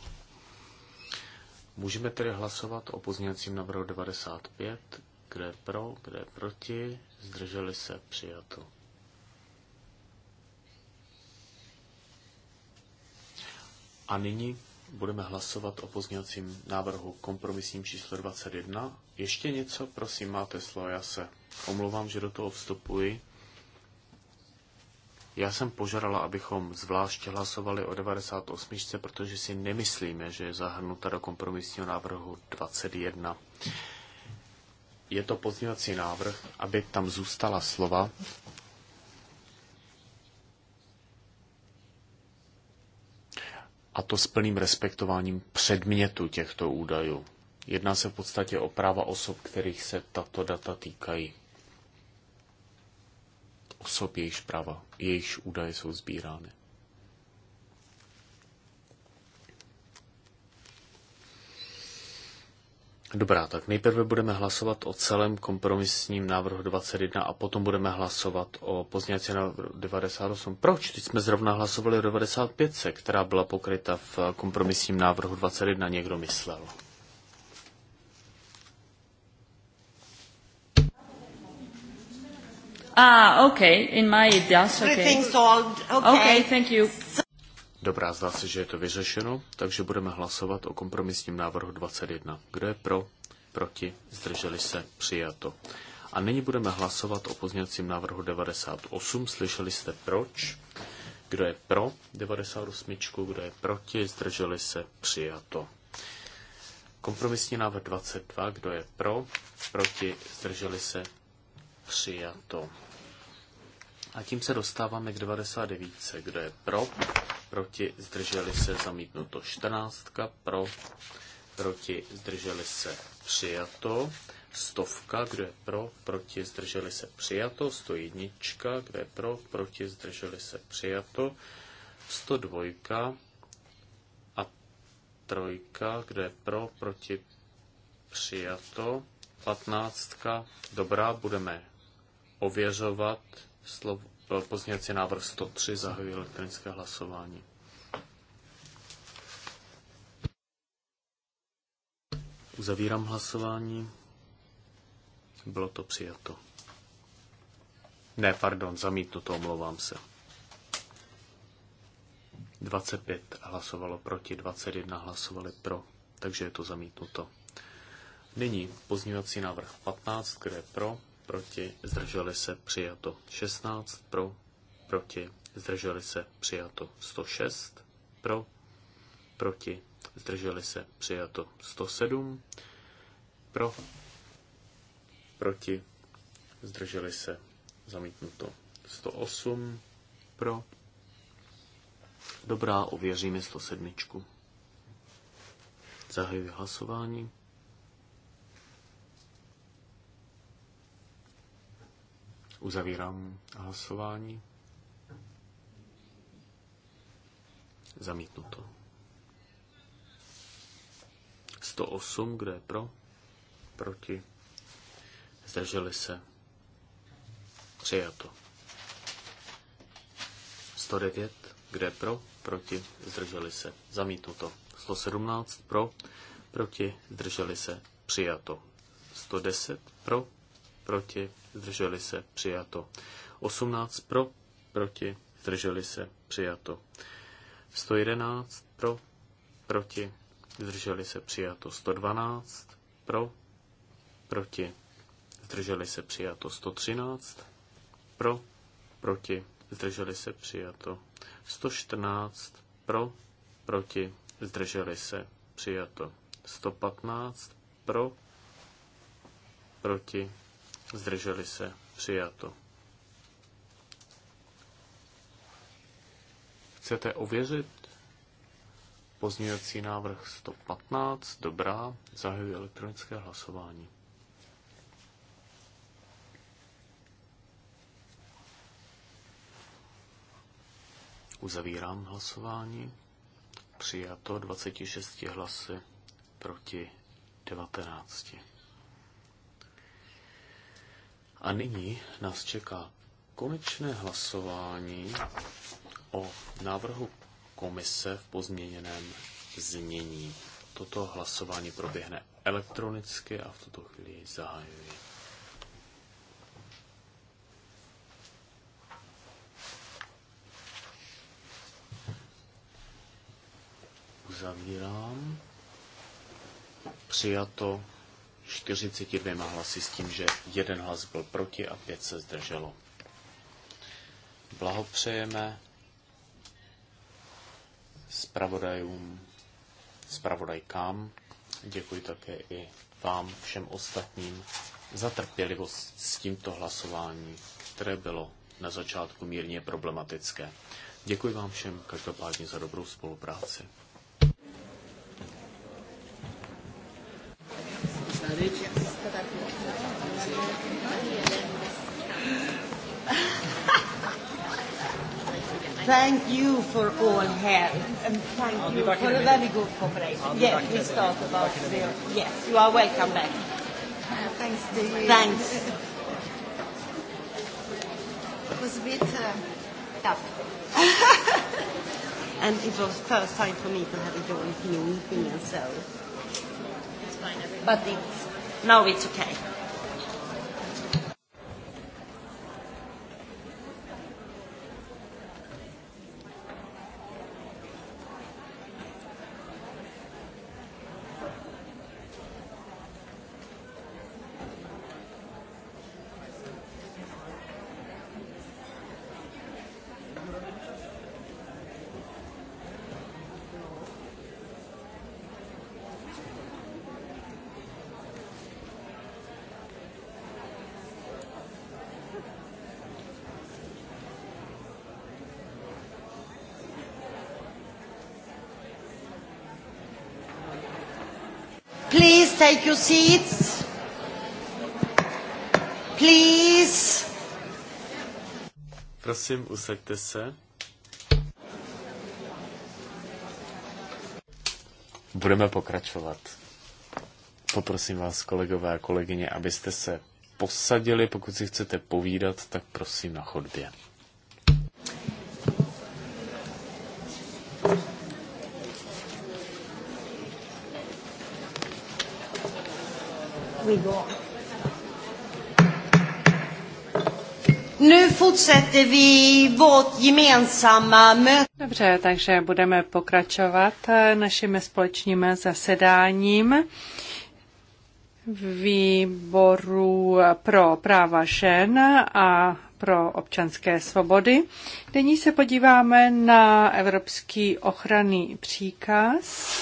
Můžeme tedy hlasovat o pozměňovacím návrhu 95, kde je pro, kde je proti, zdrželi se, přijato. A nyní budeme hlasovat o pozměňovacím návrhu kompromisním číslo 21. Ještě něco, prosím, máte slovo, já se omlouvám, že do toho vstupuji. Já jsem požadala, abychom zvlášť hlasovali o 98, protože si nemyslíme, že je zahrnuta do kompromisního návrhu 21. Je to pozměňovací návrh, aby tam zůstala slova a to s plným respektováním předmětu těchto údajů. Jedná se v podstatě o práva osob, kterých se tato data týkají osob, jejichž prava, jejichž údaje jsou sbírány. Dobrá, tak nejprve budeme hlasovat o celém kompromisním návrhu 21 a potom budeme hlasovat o pozněci na 98. Proč? Teď jsme zrovna hlasovali o 95, která byla pokryta v kompromisním návrhu 21, někdo myslel. Ah, okay, in my okay. Everything solved, okay. Okay, thank you. Dobrá, zdá se, že je to vyřešeno, takže budeme hlasovat o kompromisním návrhu 21. Kdo je pro? Proti? Zdrželi se? Přijato. A nyní budeme hlasovat o pozněcím návrhu 98. Slyšeli jste proč? Kdo je pro 98? Kdo je proti? Zdrželi se? Přijato. Kompromisní návrh 22. Kdo je pro? Proti? Zdrželi se? Přijato. A tím se dostáváme k 99. Kdo je pro? Proti zdrželi se zamítnuto 14. Pro? Proti zdrželi se přijato. Stovka, kdo je pro, proti, zdrželi se přijato. 101, kdo je pro, proti, zdrželi se přijato. 102 a trojka, kdo je pro, proti, přijato. 15, dobrá, budeme ověřovat slov, eh, pozměňovací návrh 103 zahajuje elektronické hlasování. Uzavírám hlasování. Bylo to přijato. Ne, pardon, zamítnu to, omlouvám se. 25 hlasovalo proti, 21 hlasovali pro, takže je to zamítnuto. Nyní pozměňovací návrh 15, kde je pro, proti, zdrželi se, přijato 16, pro, proti, zdrželi se, přijato 106, pro, proti, zdrželi se, přijato 107, pro, proti, zdrželi se, zamítnuto 108, pro, dobrá, ověříme 107. Zahajuji hlasování. Uzavírám hlasování. Zamítnuto. 108, kdo je pro? Proti. Zdrželi se. Přijato. 109, kde je pro? Proti. Zdrželi se. Zamítnuto. 117 pro, proti, zdrželi se, přijato. 110 pro, proti, zdrželi se, přijato. 18 pro, proti, zdrželi se, přijato. 111 pro, proti, zdrželi se, přijato. 112 pro, proti, zdrželi se, přijato. 113 pro, proti, zdrželi se, přijato. 114 pro, proti, zdrželi se, přijato. 115 pro, proti, zdrželi se, přijato. Chcete ověřit pozměňovací návrh 115? Dobrá, zahajuji elektronické hlasování. Uzavírám hlasování. Přijato 26 hlasy proti 19. A nyní nás čeká konečné hlasování o návrhu komise v pozměněném znění. Toto hlasování proběhne elektronicky a v tuto chvíli jej zahajuji. Uzavírám. Přijato 42 hlasy s tím, že jeden hlas byl proti a pět se zdrželo. Blahopřejeme zpravodajům, zpravodajkám. Děkuji také i vám, všem ostatním, za trpělivost s tímto hlasování, které bylo na začátku mírně problematické. Děkuji vám všem každopádně za dobrou spolupráci. thank you for all help and thank you for a, a very good cooperation. Yes, we start about the... Yes, you are welcome back. Uh, thanks, David. Thanks. it was a bit uh, tough. <laughs> and it was first time for me to have a joint meeting and so. It's fine, But it's, now it's okay. take your seats. Please. Prosím, usaďte se. Budeme pokračovat. Poprosím vás, kolegové a kolegyně, abyste se posadili. Pokud si chcete povídat, tak prosím na chodbě. we go on. Nu fortsätter vi vårt gemensamma möte. Dobře, takže budeme pokračovat eh, naším společným zasedáním výboru pro práva žen a pro občanské svobody. Nyní se podíváme na Evropský ochranný příkaz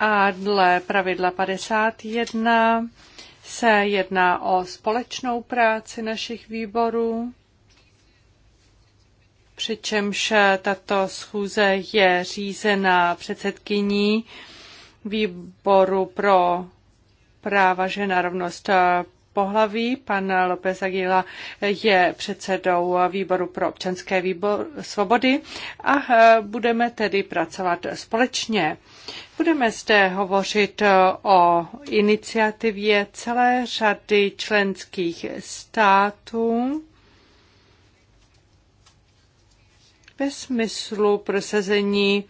A dle pravidla 51 se jedná o společnou práci našich výborů, přičemž tato schůze je řízena předsedkyní výboru pro práva žen a rovnost pohlaví. Pan López Aguila je předsedou výboru pro občanské výbor, svobody a eh, budeme tedy pracovat společně. Budeme zde hovořit eh, o iniciativě celé řady členských států ve smyslu prosazení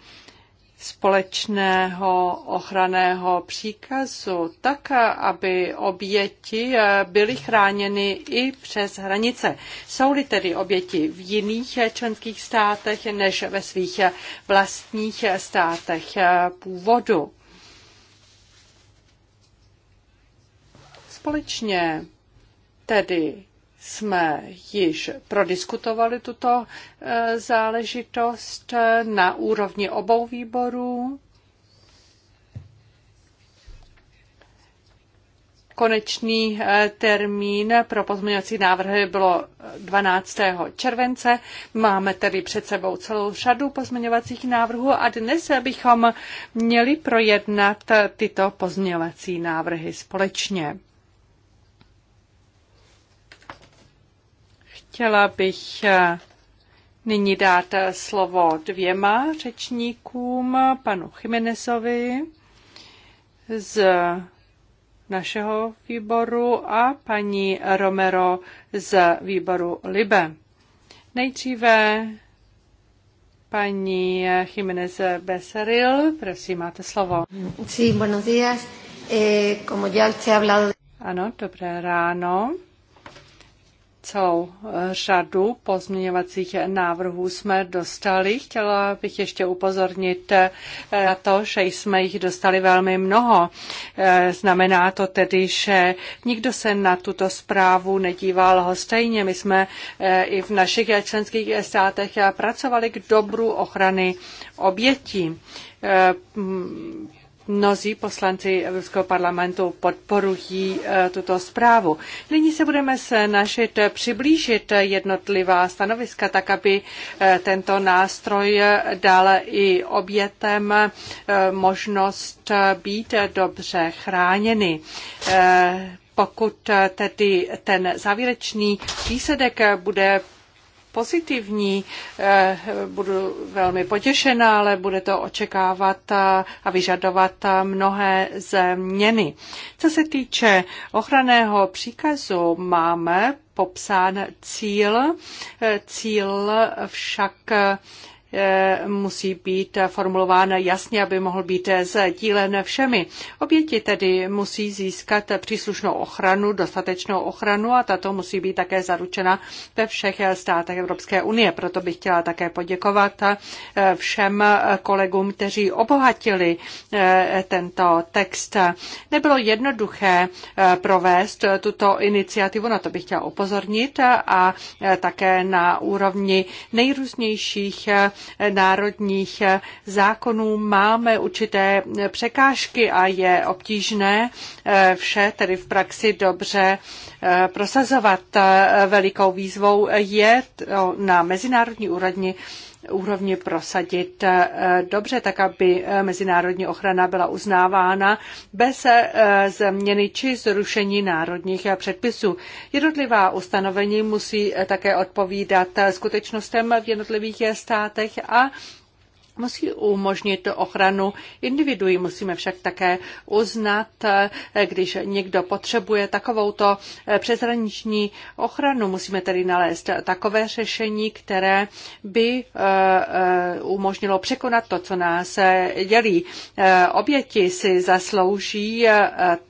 společného ochranného příkazu, tak aby oběti eh, byly chráněny i přes hranice. Jsou-li tedy oběti v jiných eh, členských státech než ve svých eh, vlastních státech původu. Společně tedy jsme již prodiskutovali tuto e, záležitost e, na úrovni obou výborů. Konečný e, termín pro pozměňovací návrhy bylo 12. července. Máme tedy před sebou celou řadu pozměňovacích návrhů a dnes bychom měli projednat tyto pozměňovací návrhy společně. Chtěla bych eh, nyní dát eh, slovo dvěma řečníkům, panu Chimenezovi z našeho výboru a paní Romero z výboru Libe. Nejdříve paní Jiménez Becerril, prosím, máte slovo. Sí, buenos días. Eh, como ya se ha hablado... Ano, dobré ráno. Celou eh, řadu pozměňovacích návrhů jsme dostali. Chtěla bych ještě upozornit eh, na to, že jsme jich dostali velmi mnoho. Eh, znamená to tedy, že nikdo se na tuto zprávu nedíval stejně. My jsme i v našich členských státech pracovali k dobru ochrany obětí Mnozí poslanci Evropského parlamentu podporují e, tuto zprávu. Nyní se budeme snažit přiblížit jednotlivá stanoviska, tak aby e, tento nástroj dal i obětem e, možnost být dobře chráněny pokud tedy ten závěrečný výsledek bude pozitivní. Eh, budu velmi potěšena, ale bude to očekávat eh, a vyžadovat eh, mnohé změny. Co se týče ochranného příkazu, máme popsán cíl. Cíl však E, musí být formulován jasně, aby mohl být sdílen všemi. Oběti tedy musí získat příslušnou ochranu, dostatečnou ochranu a tato musí být také zaručena ve všech státech Evropské unie. Proto bych chtěla také poděkovat e, všem kolegům, kteří obohatili e, tento text. Nebylo jednoduché provést tuto iniciativu, na to bych chtěla upozornit a také na úrovni nejrůznějších národních zákonů máme určité překážky a je obtížné eh, vše tedy v praxi dobře eh, prosazovat. Eh, velikou výzvou je na mezinárodní úrovni úrovni prosadit eh, dobře, tak aby eh, mezinárodní ochrana byla uznávána bez eh, změny či zrušení národních předpisů. Jednotlivá ustanovení musí také odpovídat skutečnostem v jednotlivých státech a musí umožnit ochranu individuí. Musíme však také uznat, když někdo potřebuje takovouto eh, přeshraniční ochranu. Musíme tedy nalézt takové řešení, které by eh, eh, umožnilo překonat to, co nás dělí. Oběti si zaslouží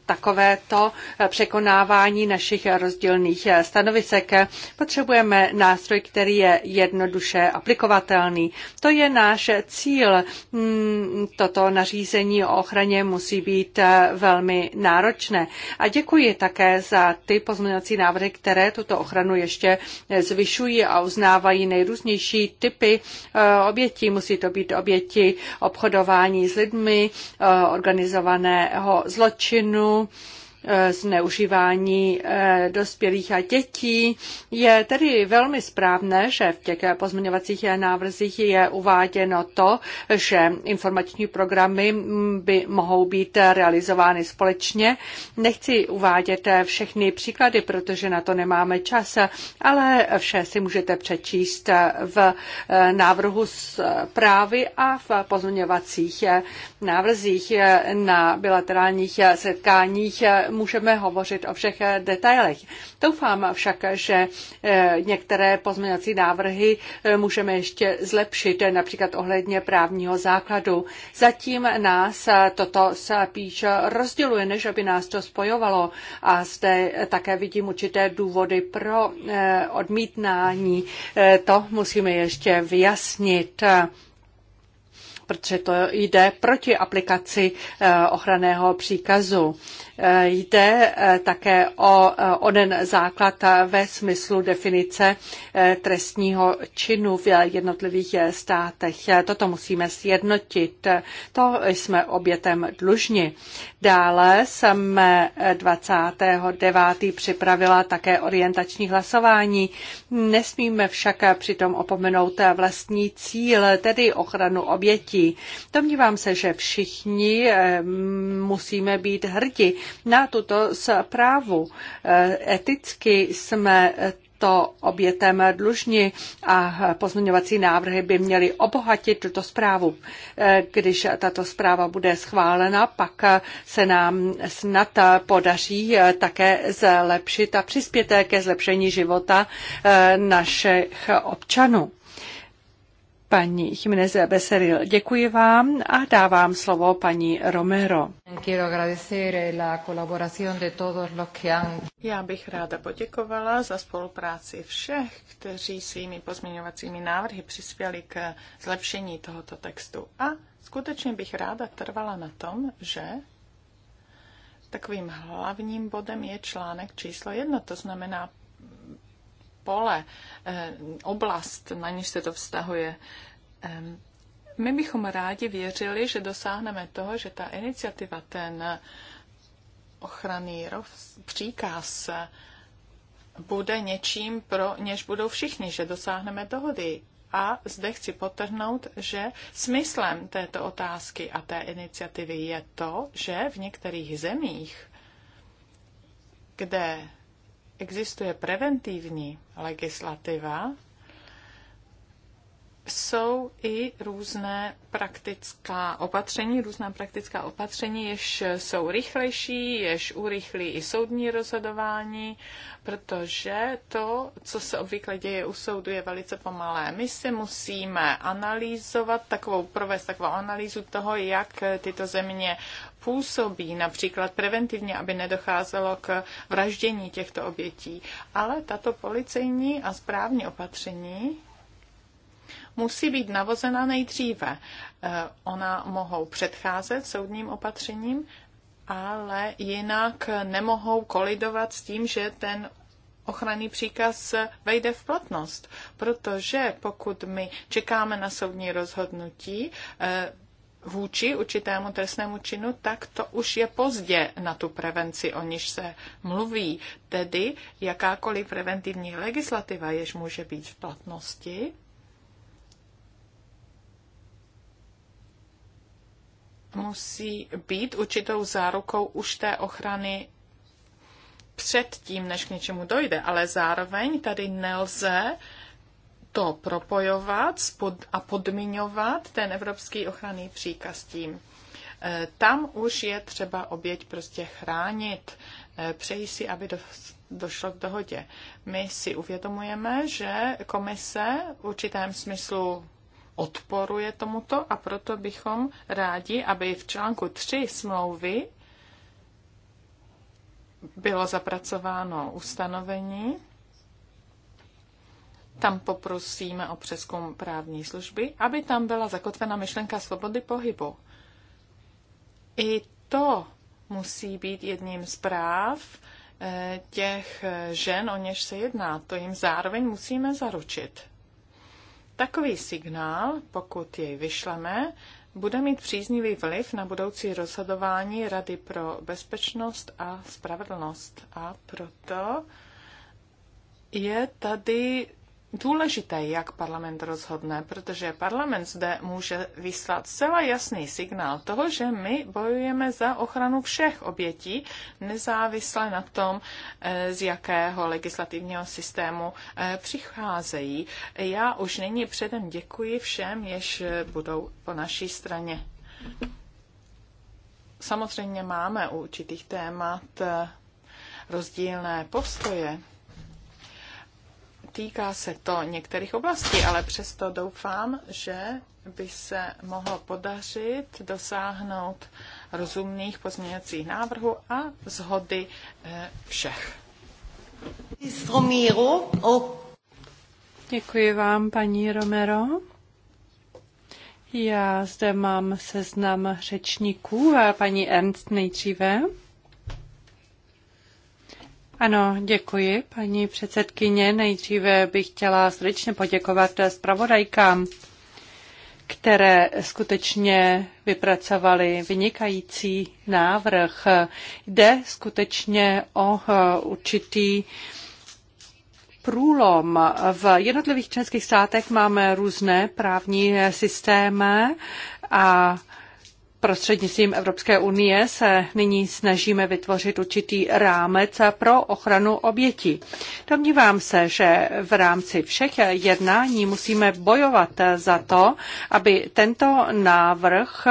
takovéto překonávání našich rozdílných stanovisek. Potřebujeme nástroj, který je jednoduše aplikovatelný. To je náš cíl cíl. Hmm, toto nařízení o ochraně musí být eh, velmi náročné. A děkuji také za ty pozměňovací návrhy, které tuto ochranu ještě eh, zvyšují a uznávají nejrůznější typy eh, obětí. Musí to být oběti obchodování s lidmi, organizovaného zločinu, Eh, zneužívání eh, dospělých a dětí. Je tedy velmi správné, že v těch pozměňovacích návrzích je uváděno to, že informační programy mm, by mohou být realizovány společně. Nechci uvádět eh, všechny příklady, protože na to nemáme čas, ale vše si můžete přečíst v návrhu zprávy a v pozměňovacích návrzích na bilaterálních setkáních můžeme hovořit o všech eh, detailech. Doufám však, že eh, některé pozměňovací návrhy eh, můžeme ještě zlepšit, například ohledně právního základu. Zatím nás toto spíš rozděluje, než aby nás to spojovalo. A zde také vidím určité důvody pro odmítnání. To musíme ještě vyjasnit protože to jde proti aplikaci ochranného příkazu. Eh, jde eh, také o eh, onen základ ve smyslu definice trestního činu v jednotlivých státech. Toto musíme sjednotit. To jsme obětem dlužni. Dále jsme 29. připravila také orientační hlasování. Nesmíme však přitom opomenout vlastní cíl, tedy ochranu obětí. Domnívám se, že všichni musíme být hrdí na tuto zprávu. Eh, eticky jsme to obětem dlužní a pozměňovací návrhy by měly obohatit tuto zprávu. Eh, když tato zpráva bude schválena, pak se nám snad podaří eh, také zlepšit a přispět ke zlepšení života našich občanů. Paní Jiménez Beseril, děkuji vám a dávám slovo paní Romero. Já bych ráda poděkovala za spolupráci všech, kteří svými pozměňovacími návrhy přispěli k zlepšení tohoto textu. A skutečně bych ráda trvala na tom, že takovým hlavním bodem je článek číslo jedna, to znamená pole, eh, oblast, na níž se to vztahuje. My bychom rádi věřili, že dosáhneme toho, že ta iniciativa, ten ochranný příkaz eh, bude něčím, pro něž budou všichni, že dosáhneme dohody. A zde chci potrhnout, že smyslem této otázky a té iniciativy je to, že v některých zemích, kde existuje preventivní legislativa, jsou i různé praktická opatření, různá praktická opatření, jež jsou rychlejší, jež urychlí i soudní rozhodování, protože to, co se obvykle děje u soudu, je velice pomalé. My si musíme analýzovat, takovou, provést takovou analýzu toho, jak tyto země působí, například preventivně, aby nedocházelo k vraždění těchto obětí. Ale tato policejní a správní opatření musí být navozena nejdříve. Eh, ona mohou předcházet soudním opatřením, ale jinak nemohou kolidovat s tím, že ten ochranný příkaz vejde v platnost, protože pokud my čekáme na soudní rozhodnutí, eh, vůči určitému trestnému činu, tak to už je pozdě na tu prevenci, o níž se mluví. Tedy jakákoliv preventivní legislativa, jež může být v platnosti, musí být určitou zárukou už té ochrany před tím, než k něčemu dojde, ale zároveň tady nelze to propojovat a podmiňovat ten evropský ochranný příkaz tím. E, tam už je třeba oběť prostě chránit. E, přeji si, aby došlo k dohodě. My si uvědomujeme, že komise v určitém smyslu odporuje tomuto a proto bychom rádi, aby v článku 3 smlouvy bylo zapracováno ustanovení. Tam poprosíme o přeskum právní služby, aby tam byla zakotvena myšlenka svobody pohybu. I to musí být jedním z práv eh, těch eh, žen, o něž se jedná. To jim zároveň musíme zaručit. Takový signál, pokud jej vyšleme, bude mít příznivý vliv na budoucí rozhodování Rady pro bezpečnost a spravedlnost. A proto je tady důležité, jak parlament rozhodne, protože parlament zde může vyslat zcela jasný signál toho, že my bojujeme za ochranu všech obětí, nezávisle na tom, eh, z jakého legislativního systému eh, přicházejí. Já už nyní předem děkuji všem, jež budou po naší straně. Samozřejmě máme u určitých témat eh, rozdílné postoje týká se to některých oblastí, ale přesto doufám, že by se mohlo podařit dosáhnout rozumných pozměňovacích návrhů a zhody eh, všech. Děkuji vám, paní Romero. Já zde mám seznam řečníků. Paní Ernst nejdříve. Ano, děkuji, paní předsedkyně. Nejdříve bych chtěla srdečně poděkovat zpravodajkám, které skutečně vypracovali vynikající návrh. Jde skutečně o určitý průlom. V jednotlivých členských státech máme různé právní systémy a Prostřednictvím Evropské unie se nyní snažíme vytvořit určitý rámec pro ochranu obětí. Domnívám se, že v rámci všech jednání musíme bojovat za to, aby tento návrh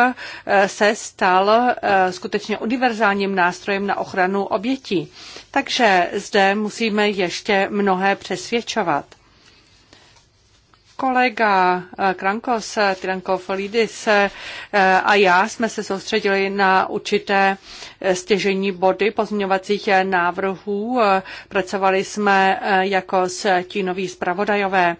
se stal eh, skutečně univerzálním nástrojem na ochranu obětí. Takže zde musíme ještě mnohé přesvědčovat kolega eh, Krankos eh, Triankofolidis eh, a já jsme se soustředili na určité stěžení body pozměňovacích návrhů. Pracovali jsme jako stínoví zpravodajové.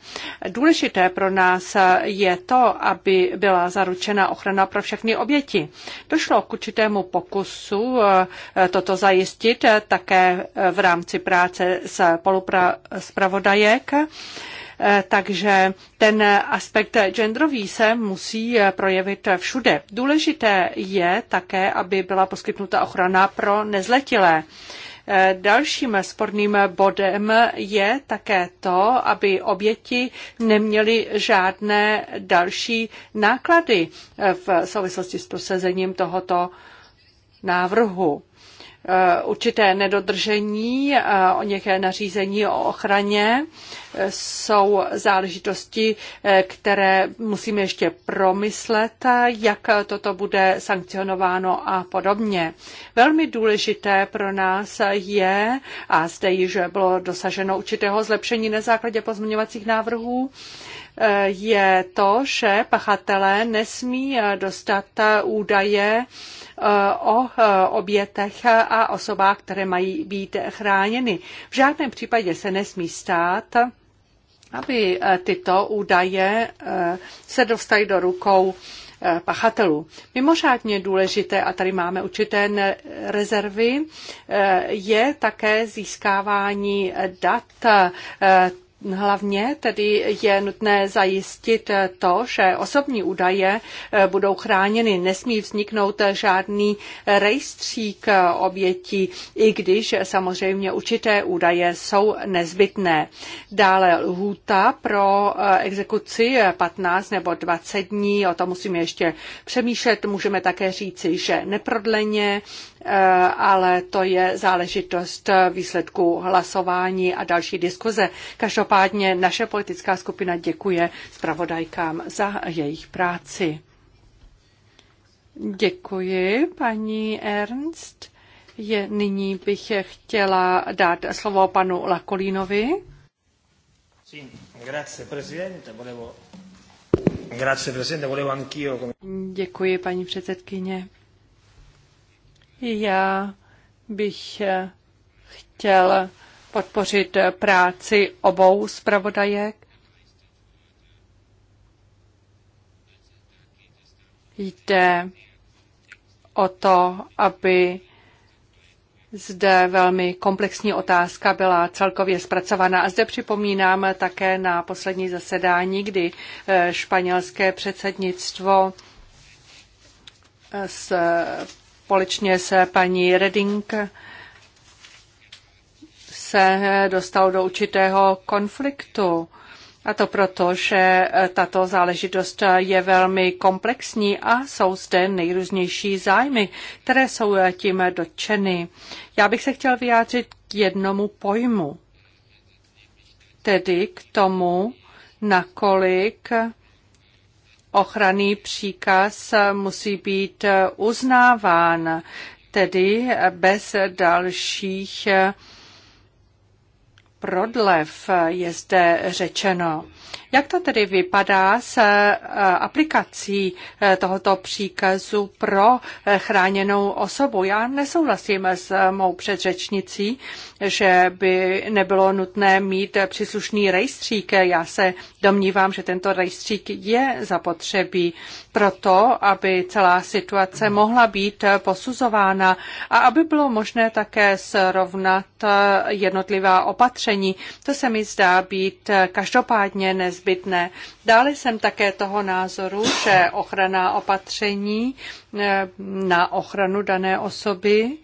Důležité pro nás je to, aby byla zaručena ochrana pro všechny oběti. Došlo k určitému pokusu toto zajistit také v rámci práce s spolupravodajek. Polupra- Eh, takže ten aspekt genderový se musí eh, projevit všude. Důležité je také, aby byla poskytnuta ochrana pro nezletilé. Eh, dalším sporným bodem je také to, aby oběti neměly žádné další náklady v souvislosti s prosazením tohoto návrhu. Eh, určité nedodržení eh, o nějaké nařízení o ochraně. Eh, jsou záležitosti, které musíme ještě promyslet, jak toto bude sankcionováno a podobně. Velmi důležité pro nás je, a zde již bylo dosaženo určitého zlepšení na základě pozměňovacích návrhů, je to, že pachatelé nesmí dostat údaje eh, o eh, obětech a osobách, které mají být chráněny. V žádném případě se nesmí stát, aby eh, tyto údaje se dostaly do rukou pachatelů. Mimořádně důležité, a tady máme určité rezervy, je také získávání dat Hlavně tedy je nutné zajistit to, že osobní údaje eh, budou chráněny. Nesmí vzniknout žádný rejstřík obětí, i když samozřejmě určité údaje jsou nezbytné. Dále lhůta pro eh, exekuci 15 nebo 20 dní, o tom musíme ještě přemýšlet. Můžeme také říci, že neprodleně Eh, ale to je záležitost eh, výsledku hlasování a další diskuze. Každopádně naše politická skupina děkuje zpravodajkám za jejich práci. Děkuji, paní Ernst. Je, nyní bych chtěla dát slovo panu Lakolínovi. Děkuji, paní předsedkyně. Já bych chtěl podpořit práci obou zpravodajek. Jde o to, aby zde velmi komplexní otázka byla celkově zpracována. A zde připomínám také na poslední zasedání, kdy eh, španělské předsednictvo eh, s společně s paní Reding se dostal do určitého konfliktu. A to proto, že tato záležitost je velmi komplexní a jsou zde nejrůznější zájmy, které jsou tím dotčeny. Já bych se chtěl vyjádřit k jednomu pojmu, tedy k tomu, nakolik ochranný příkaz musí být uznáván, tedy bez dalších prodlev je zde řečeno. Jak to tedy vypadá s eh, aplikací eh, tohoto příkazu pro eh, chráněnou osobu? Já nesouhlasím s mou předřečnicí, že by nebylo nutné mít příslušný rejstřík. Já se domnívám, že tento rejstřík je zapotřebí proto, aby celá situace mohla být posuzována a aby bylo možné také srovnat jednotlivá opatření. To se mi zdá být každopádně nezbytné. Dále jsem také toho názoru, že ochranná opatření na ochranu dané osoby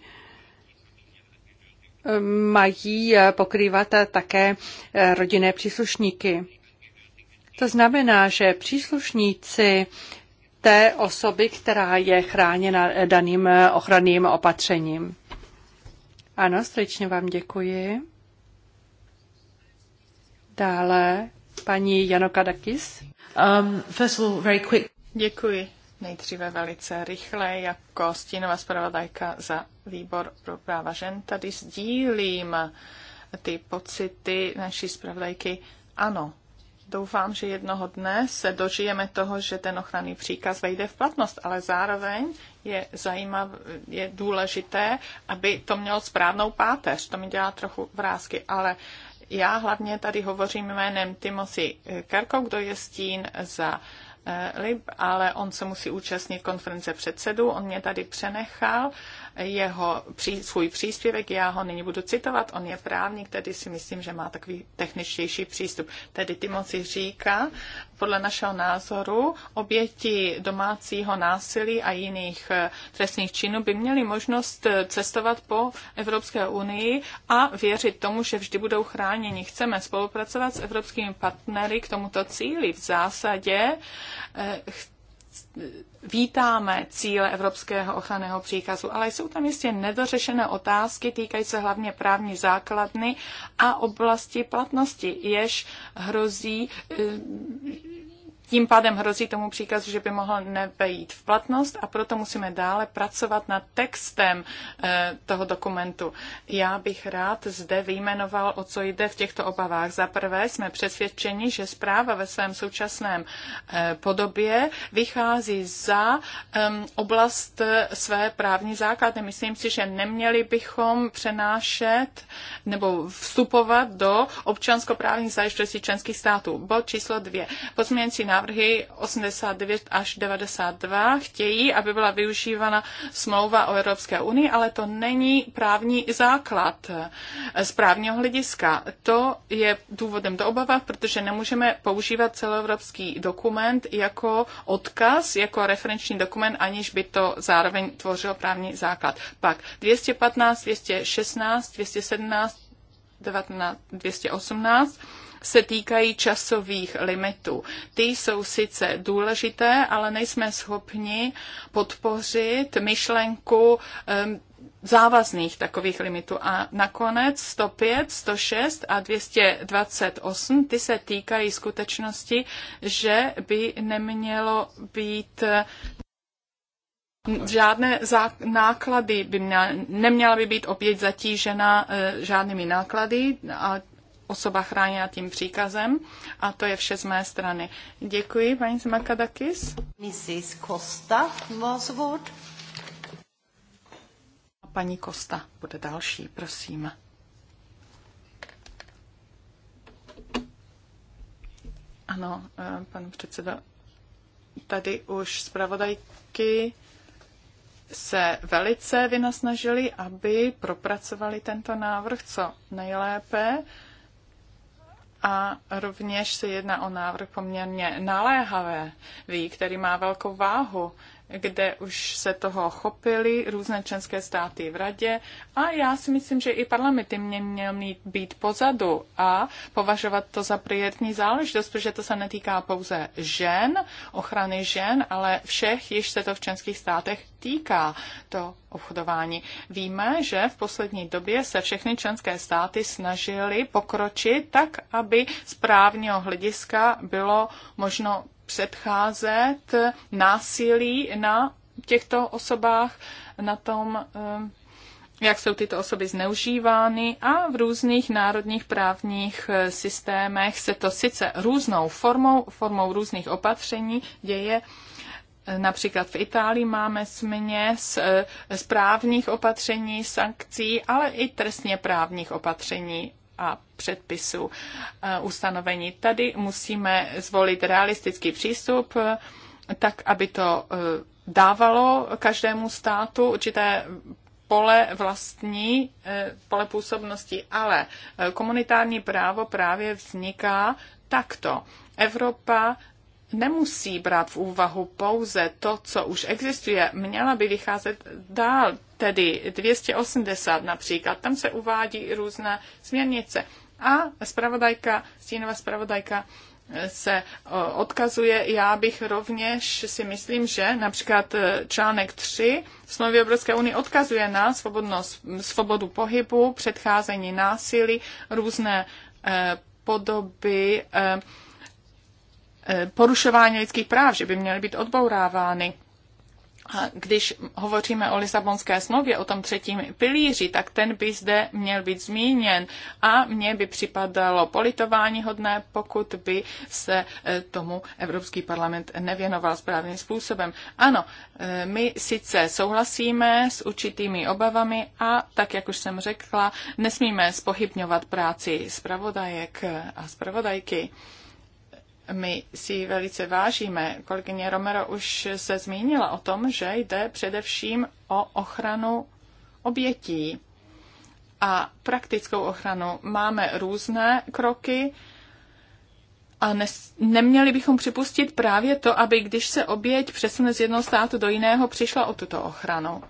mají eh, pokrývat eh, také eh, rodinné příslušníky. To znamená, že příslušníci té osoby, která je chráněna daným ochranným opatřením. Ano, srdečně vám děkuji. Dále paní Janoka Dakis. Um, first of all, very quick. Děkuji. Nejdříve velice rychle, jako stínová zpravodajka za výbor pro práva žen, tady sdílím ty pocity naší zpravodajky. Ano, doufám, že jednoho dne se dožijeme toho, že ten ochranný příkaz vejde v platnost, ale zároveň je zajímav, je důležité, aby to mělo správnou páteř. To mi dělá trochu vrázky, ale já hlavně tady hovořím jménem Timothy Kerko, kdo je stín za Eh, Lib, ale on se musí účastnit konference předsedů, on mě tady přenechal jeho pří, svůj příspěvek, já ho nyní budu citovat, on je právník, tedy si myslím, že má takový techničtější přístup. Tedy Timoci říká, podle našeho názoru, oběti domácího násilí a jiných eh, trestných činů by měly možnost eh, cestovat po Evropské unii a věřit tomu, že vždy budou chráněni. Chceme spolupracovat s evropskými partnery k tomuto cíli. V zásadě eh, vítáme cíle Evropského ochranného příkazu, ale jsou tam jistě nedořešené otázky, týkají se hlavně právní základny a oblasti platnosti, jež hrozí, eh, tím pádem hrozí tomu příkazu, že by mohl nevejít v platnost a proto musíme dále pracovat nad textem eh, toho dokumentu. Já bych rád zde vyjmenoval, o co jde v těchto obavách. Za prvé jsme přesvědčeni, že zpráva ve svém současném eh, podobě vychází za oblast eh, své právní základny. Myslím si, že neměli bychom přenášet nebo vstupovat do občanskoprávních záležitostí členských států. Bod číslo dvě. Pozměňující návrh návrhy 89 až 92 chtějí, aby byla využívána smlouva o Evropské unii, ale to není právní základ z právního hlediska. To je důvodem do obava, protože nemůžeme používat celoevropský dokument jako odkaz, jako referenční dokument, aniž by to zároveň tvořilo právní základ. Pak 215, 216, 217, 19, 218 se týkají časových limitů. Ty jsou sice důležité, ale nejsme schopni podpořit myšlenku závazných takových limitů. A nakonec 105, 106 a 228, ty se týkají skutečnosti, že by nemělo být eh, Žádné náklady by neměla by být opět zatížena eh, žádnými náklady a osoba chráněna tím příkazem. A to je vše z mé strany. Děkuji, paní Zmakadakis. Mrs. Costa, vod. A paní Costa bude další, prosím. Ano, eh, pan předseda, tady už zpravodajky se velice vynasnažili, aby propracovali tento návrh co nejlépe. A rovněž se jedná o návrh poměrně naléhavé, který má velkou váhu kde už se toho chopili různé členské státy v radě a já si myslím, že i parlamenty mě měl mít být pozadu a považovat to za prioritní záležitost, protože to se netýká pouze žen, ochrany žen, ale všech, již se to v členských státech týká, to obchodování. Víme, že v poslední době se všechny členské státy snažily pokročit tak, aby z právního hlediska bylo možno předcházet násilí na těchto osobách, na tom, eh, jak jsou tyto osoby zneužívány a v různých národních právních eh, systémech se to sice různou formou, formou různých opatření děje, eh, Například v Itálii máme směs správních opatření, sankcí, ale i trestně právních opatření a předpisů eh, ustanovení. Tady musíme zvolit realistický přístup, eh, tak aby to eh, dávalo každému státu určité pole vlastní, pole působnosti, ale komunitární právo právě vzniká takto. Evropa nemusí brát v úvahu pouze to, co už existuje, měla by vycházet dál, tedy 280 například. Tam se uvádí různé směrnice. A spravodajka, stínová spravodajka eh, se odkazuje, já bych rovněž si myslím, že například eh, článek 3 smlouvy Evropské unie odkazuje na svobodnost, svobodu pohybu, předcházení násilí, různé eh, podoby porušování lidských práv, že by měly být odbourávány když hovoříme o Lisabonské smlouvě, o tom třetím pilíři, tak ten by zde měl být zmíněn. A mně by připadalo politování hodné, pokud by se eh, tomu Evropský parlament nevěnoval správným způsobem. Ano, eh, my sice souhlasíme s určitými obavami a, tak jak už jsem řekla, nesmíme spochybňovat práci zpravodajek a zpravodajky. My si velice vážíme. Kolegyně Romero už se zmínila o tom, že jde především o ochranu obětí a praktickou ochranu. Máme různé kroky a nes neměli bychom připustit právě to, aby když se oběť přesune z jednoho státu do jiného, přišla o tuto ochranu.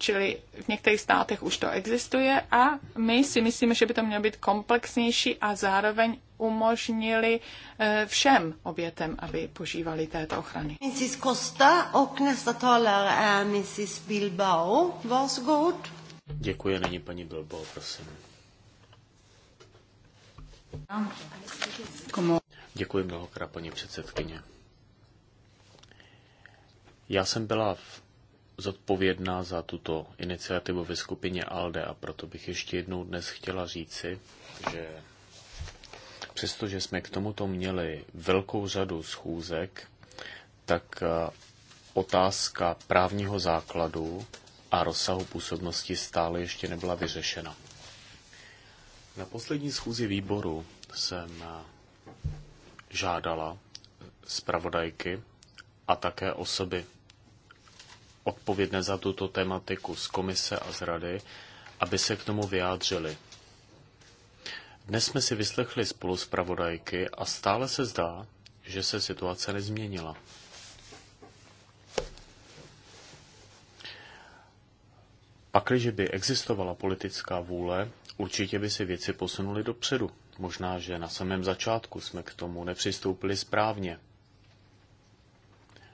Čili v některých státech už to existuje a my si myslíme, že by to mělo být komplexnější a zároveň umožnili eh, všem obětem, aby požívali této ochrany. Mrs. Costa och nästa talare Mrs. Bilbao. Varsågod. Děkuji, není paní Bilbao, prosím. Děkuji mnohokrát, paní předsedkyně. Já jsem byla v zodpovědná za tuto iniciativu ve skupině ALDE a proto bych ještě jednou dnes chtěla říci, že přestože jsme k tomuto měli velkou řadu schůzek, tak eh, otázka právního základu a rozsahu působnosti stále ještě nebyla vyřešena. Na poslední schůzi výboru jsem eh, žádala zpravodajky a také osoby odpovědné za tuto tematiku z komise a z rady, aby se k tomu vyjádřili. Dnes jsme si vyslechli spolu zpravodajky a stále se zdá, že se situace nezměnila. Pakliže by existovala politická vůle, určitě by se věci posunuly dopředu. Možná, že na samém začátku jsme k tomu nepřistoupili správně.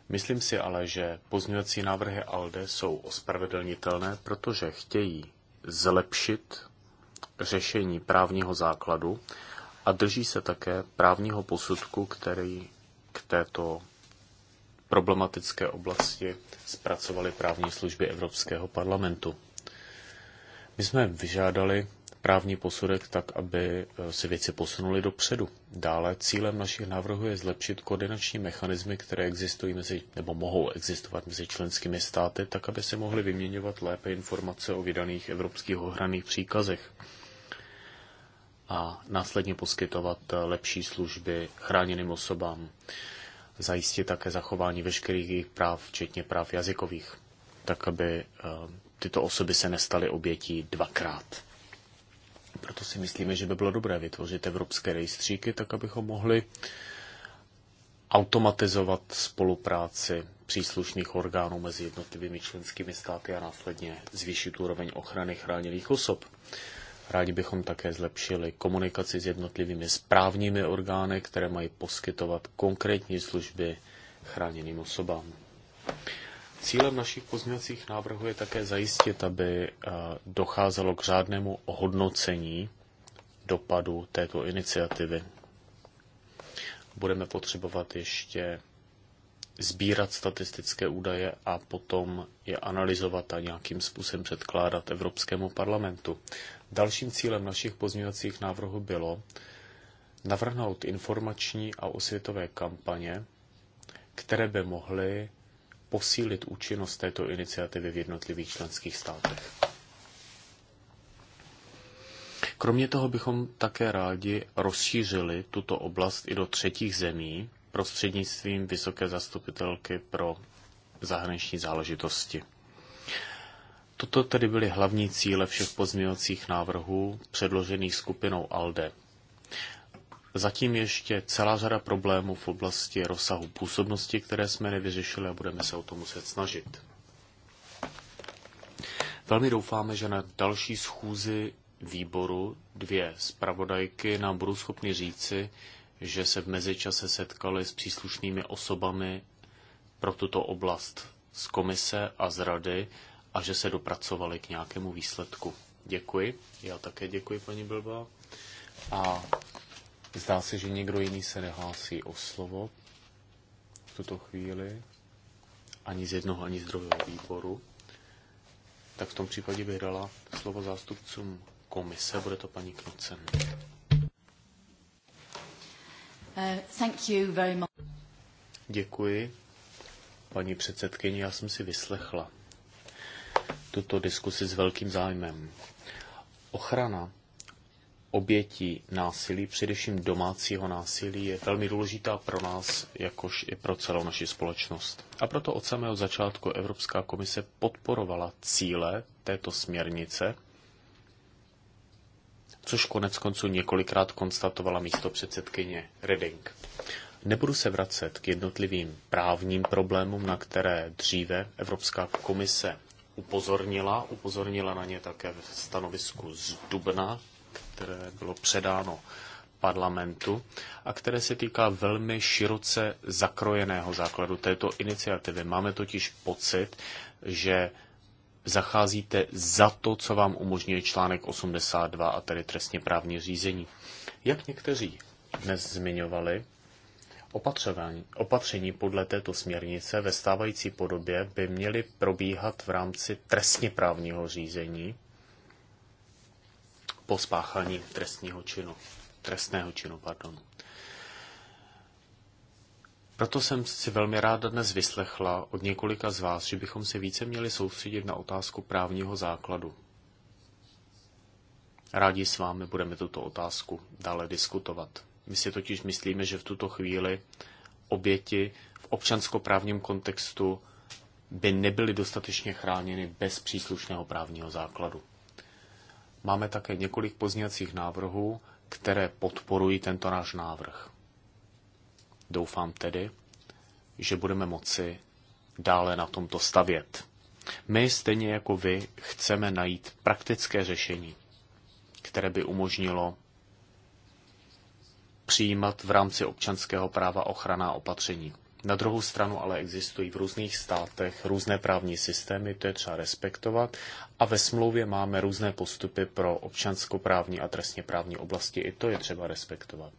Myslím si ale, že pozňovací návrhy ALDE jsou ospravedlnitelné, protože chtějí zlepšit řešení právního základu a drží se také právního posudku, který k této problematické oblasti zpracovali právní služby Evropského parlamentu. My jsme vyžádali právní posudek tak, aby eh, se věci posunuly dopředu. Dále cílem našich návrhů je zlepšit koordinační mechanismy, které existují mezi, nebo mohou existovat mezi členskými státy, tak, aby se mohly vyměňovat lépe informace o vydaných evropských ochranných příkazech a následně poskytovat eh, lepší služby chráněným osobám. Zajistit také zachování veškerých jejich práv, včetně práv jazykových, tak aby eh, tyto osoby se nestaly obětí dvakrát. Proto si myslíme, že by bylo dobré vytvořit evropské rejstříky, tak abychom mohli automatizovat spolupráci příslušných orgánů mezi jednotlivými členskými státy a následně zvýšit úroveň ochrany chráněných osob. Rádi bychom také zlepšili komunikaci s jednotlivými správními orgány, které mají poskytovat konkrétní služby chráněným osobám. Cílem našich pozměňovacích návrhů je také zajistit, aby eh, docházelo k řádnému hodnocení dopadu této iniciativy. Budeme potřebovat ještě sbírat statistické údaje a potom je analyzovat a nějakým způsobem předkládat Evropskému parlamentu. Dalším cílem našich pozměňovacích návrhů bylo navrhnout informační a osvětové kampaně, které by mohly posílit účinnost této iniciativy v jednotlivých členských státech. Kromě toho bychom také rádi rozšířili tuto oblast i do třetích zemí prostřednictvím vysoké zastupitelky pro zahraniční záležitosti. Toto tedy byly hlavní cíle všech pozměňovacích návrhů předložených skupinou ALDE zatím ještě celá řada problémů v oblasti rozsahu působnosti, které jsme nevyřešili a budeme se o to muset snažit. Velmi doufáme, že na další schůzi výboru dvě zpravodajky nám budou schopni říci, že se v mezičase setkali s příslušnými osobami pro tuto oblast z komise a z rady a že se dopracovali k nějakému výsledku. Děkuji. Já také děkuji, paní Blba A Zdá se, že někdo jiný se nehlásí o slovo v tuto chvíli, ani z jednoho, ani z druhého výboru. Tak v tom případě bych dala slovo zástupcům komise, bude to paní Knocen. Uh, thank you very much. Děkuji, paní předsedkyně, já jsem si vyslechla tuto diskusi s velkým zájmem. Ochrana obětí násilí, především domácího násilí, je velmi důležitá pro nás, jakož i pro celou naši společnost. A proto od samého začátku Evropská komise podporovala cíle této směrnice, což konec konců několikrát konstatovala místo předsedkyně Reding. Nebudu se vracet k jednotlivým právním problémům, na které dříve Evropská komise upozornila. Upozornila na ně také v stanovisku z Dubna které bylo předáno parlamentu a které se týká velmi široce zakrojeného základu této iniciativy. Máme totiž pocit, že zacházíte za to, co vám umožňuje článek 82 a tedy trestně právní řízení. Jak někteří dnes zmiňovali, opatření podle této směrnice ve stávající podobě by měly probíhat v rámci trestně právního řízení, po spáchání trestního činu, trestného činu. Pardon. Proto jsem si velmi ráda dnes vyslechla od několika z vás, že bychom se více měli soustředit na otázku právního základu. Rádi s vámi budeme tuto otázku dále diskutovat. My si totiž myslíme, že v tuto chvíli oběti v občanskoprávním kontextu by nebyly dostatečně chráněny bez příslušného právního základu. Máme také několik pozněcích návrhů, které podporují tento náš návrh. Doufám tedy, že budeme moci dále na tomto stavět. My, stejně jako vy, chceme najít praktické řešení, které by umožnilo přijímat v rámci občanského práva ochranná opatření. Na druhou stranu ale existují v různých státech různé právní systémy, to je třeba respektovat. A ve smlouvě máme různé postupy pro občanskoprávní a trestně právní oblasti, i to je třeba respektovat.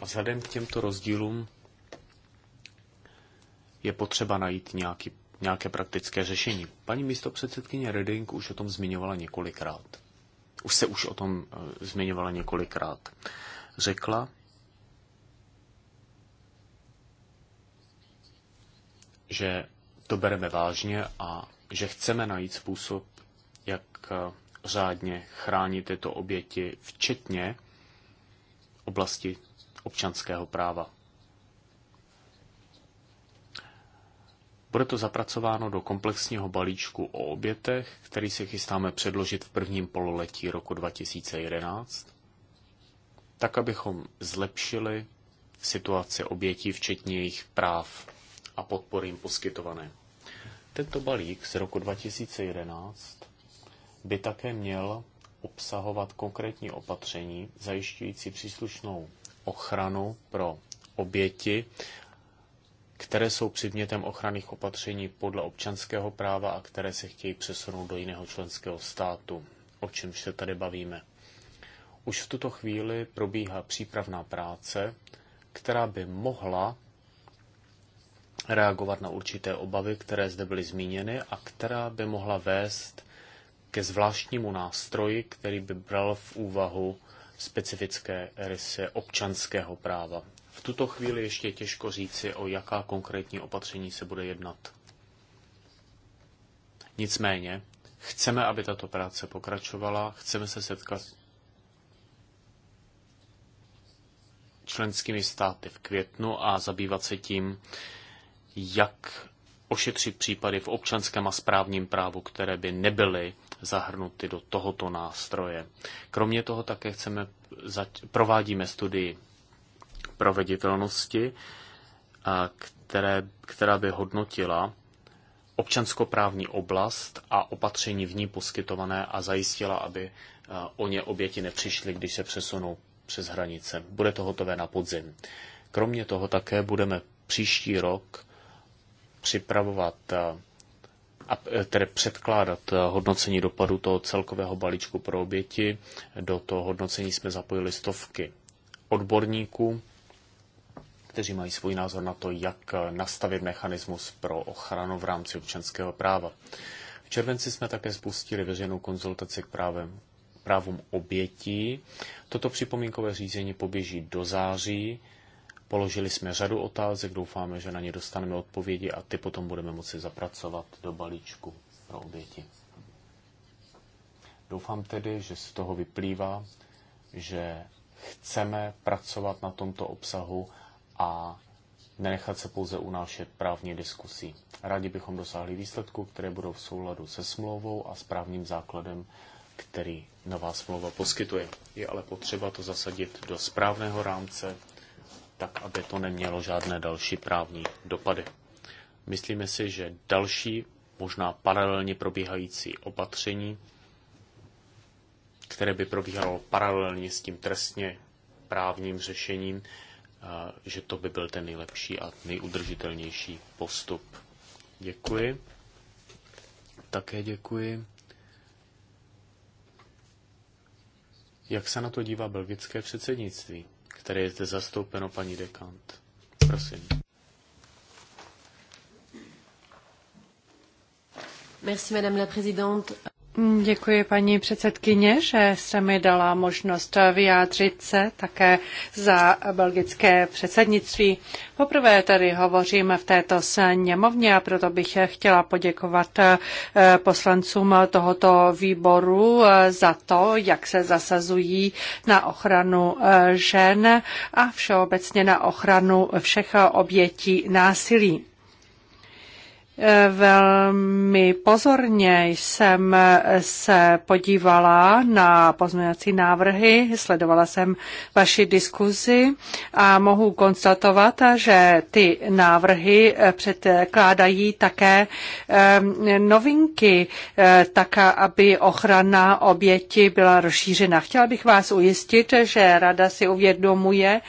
A vzhledem k těmto rozdílům je potřeba najít nějaký, nějaké praktické řešení. Paní místopředsedkyně Reding už o tom zmiňovala několikrát. Už se už o tom eh, zmiňovala několikrát. Řekla, že to bereme vážně a že chceme najít způsob, jak eh, řádně chránit tyto oběti, včetně oblasti občanského práva. Bude to zapracováno do komplexního balíčku o obětech, který se chystáme předložit v prvním pololetí roku 2011, tak abychom zlepšili situaci obětí, včetně jejich práv a podpory jim poskytované. Tento balík z roku 2011 by také měl obsahovat konkrétní opatření zajišťující příslušnou ochranu pro oběti, které jsou předmětem ochranných opatření podle občanského práva a které se chtějí přesunout do jiného členského státu, o čem se tady bavíme. Už v tuto chvíli probíhá přípravná práce, která by mohla reagovat na určité obavy, které zde byly zmíněny a která by mohla vést ke zvláštnímu nástroji, který by bral v úvahu specifické rysy občanského práva. V tuto chvíli ještě je těžko říci, o jaká konkrétní opatření se bude jednat. Nicméně, chceme, aby tato práce pokračovala, chceme se setkat členskými státy v květnu a zabývat se tím, jak ošetřit případy v občanském a správním právu, které by nebyly zahrnuty do tohoto nástroje. Kromě toho také chceme, provádíme studii proveditelnosti, které, která by hodnotila občanskoprávní oblast a opatření v ní poskytované a zajistila, aby o ně oběti nepřišly, když se přesunou přes hranice. Bude to hotové na podzim. Kromě toho také budeme příští rok připravovat eh, a eh, tedy předkládat eh, hodnocení dopadu toho celkového balíčku pro oběti. Do toho hodnocení jsme zapojili stovky odborníků, kteří mají svůj názor na to, jak nastavit mechanismus pro ochranu v rámci občanského práva. V červenci jsme také spustili veřejnou konzultaci k právem, právům obětí. Toto připomínkové řízení poběží do září Položili jsme řadu otázek, doufáme, že na ně dostaneme odpovědi a ty potom budeme moci zapracovat do balíčku pro oběti. Doufám tedy, že z toho vyplývá, že chceme pracovat na tomto obsahu a nenechat se pouze unášet právní diskusí. Rádi bychom dosáhli výsledků, které budou v souladu se smlouvou a s právním základem, který nová smlouva poskytuje. Je ale potřeba to zasadit do správného rámce, tak aby to nemělo žádné další právní dopady. Myslíme si, že další, možná paralelně probíhající opatření, které by probíhalo paralelně s tím trestně právním řešením, že to by byl ten nejlepší a nejudržitelnější postup. Děkuji. Také děkuji. Jak se na to dívá belgické předsednictví? které je zde zastoupeno paní Dekant. Prosím. Merci, madame la présidente. Děkuji paní předsedkyně, že se mi dala možnost vyjádřit se také za belgické předsednictví. Poprvé tady hovořím v této sněmovně a proto bych chtěla poděkovat eh, poslancům tohoto výboru eh, za to, jak se zasazují na ochranu eh, žen a všeobecně na ochranu všech obětí násilí. Eh, velmi pozorně jsem se podívala na pozměňovací návrhy, sledovala jsem vaši diskuzi a mohu konstatovat, že ty návrhy eh, předkládají také eh, novinky, tak aby ochrana oběti byla rozšířena. Chtěla bych vás ujistit, že Rada si uvědomuje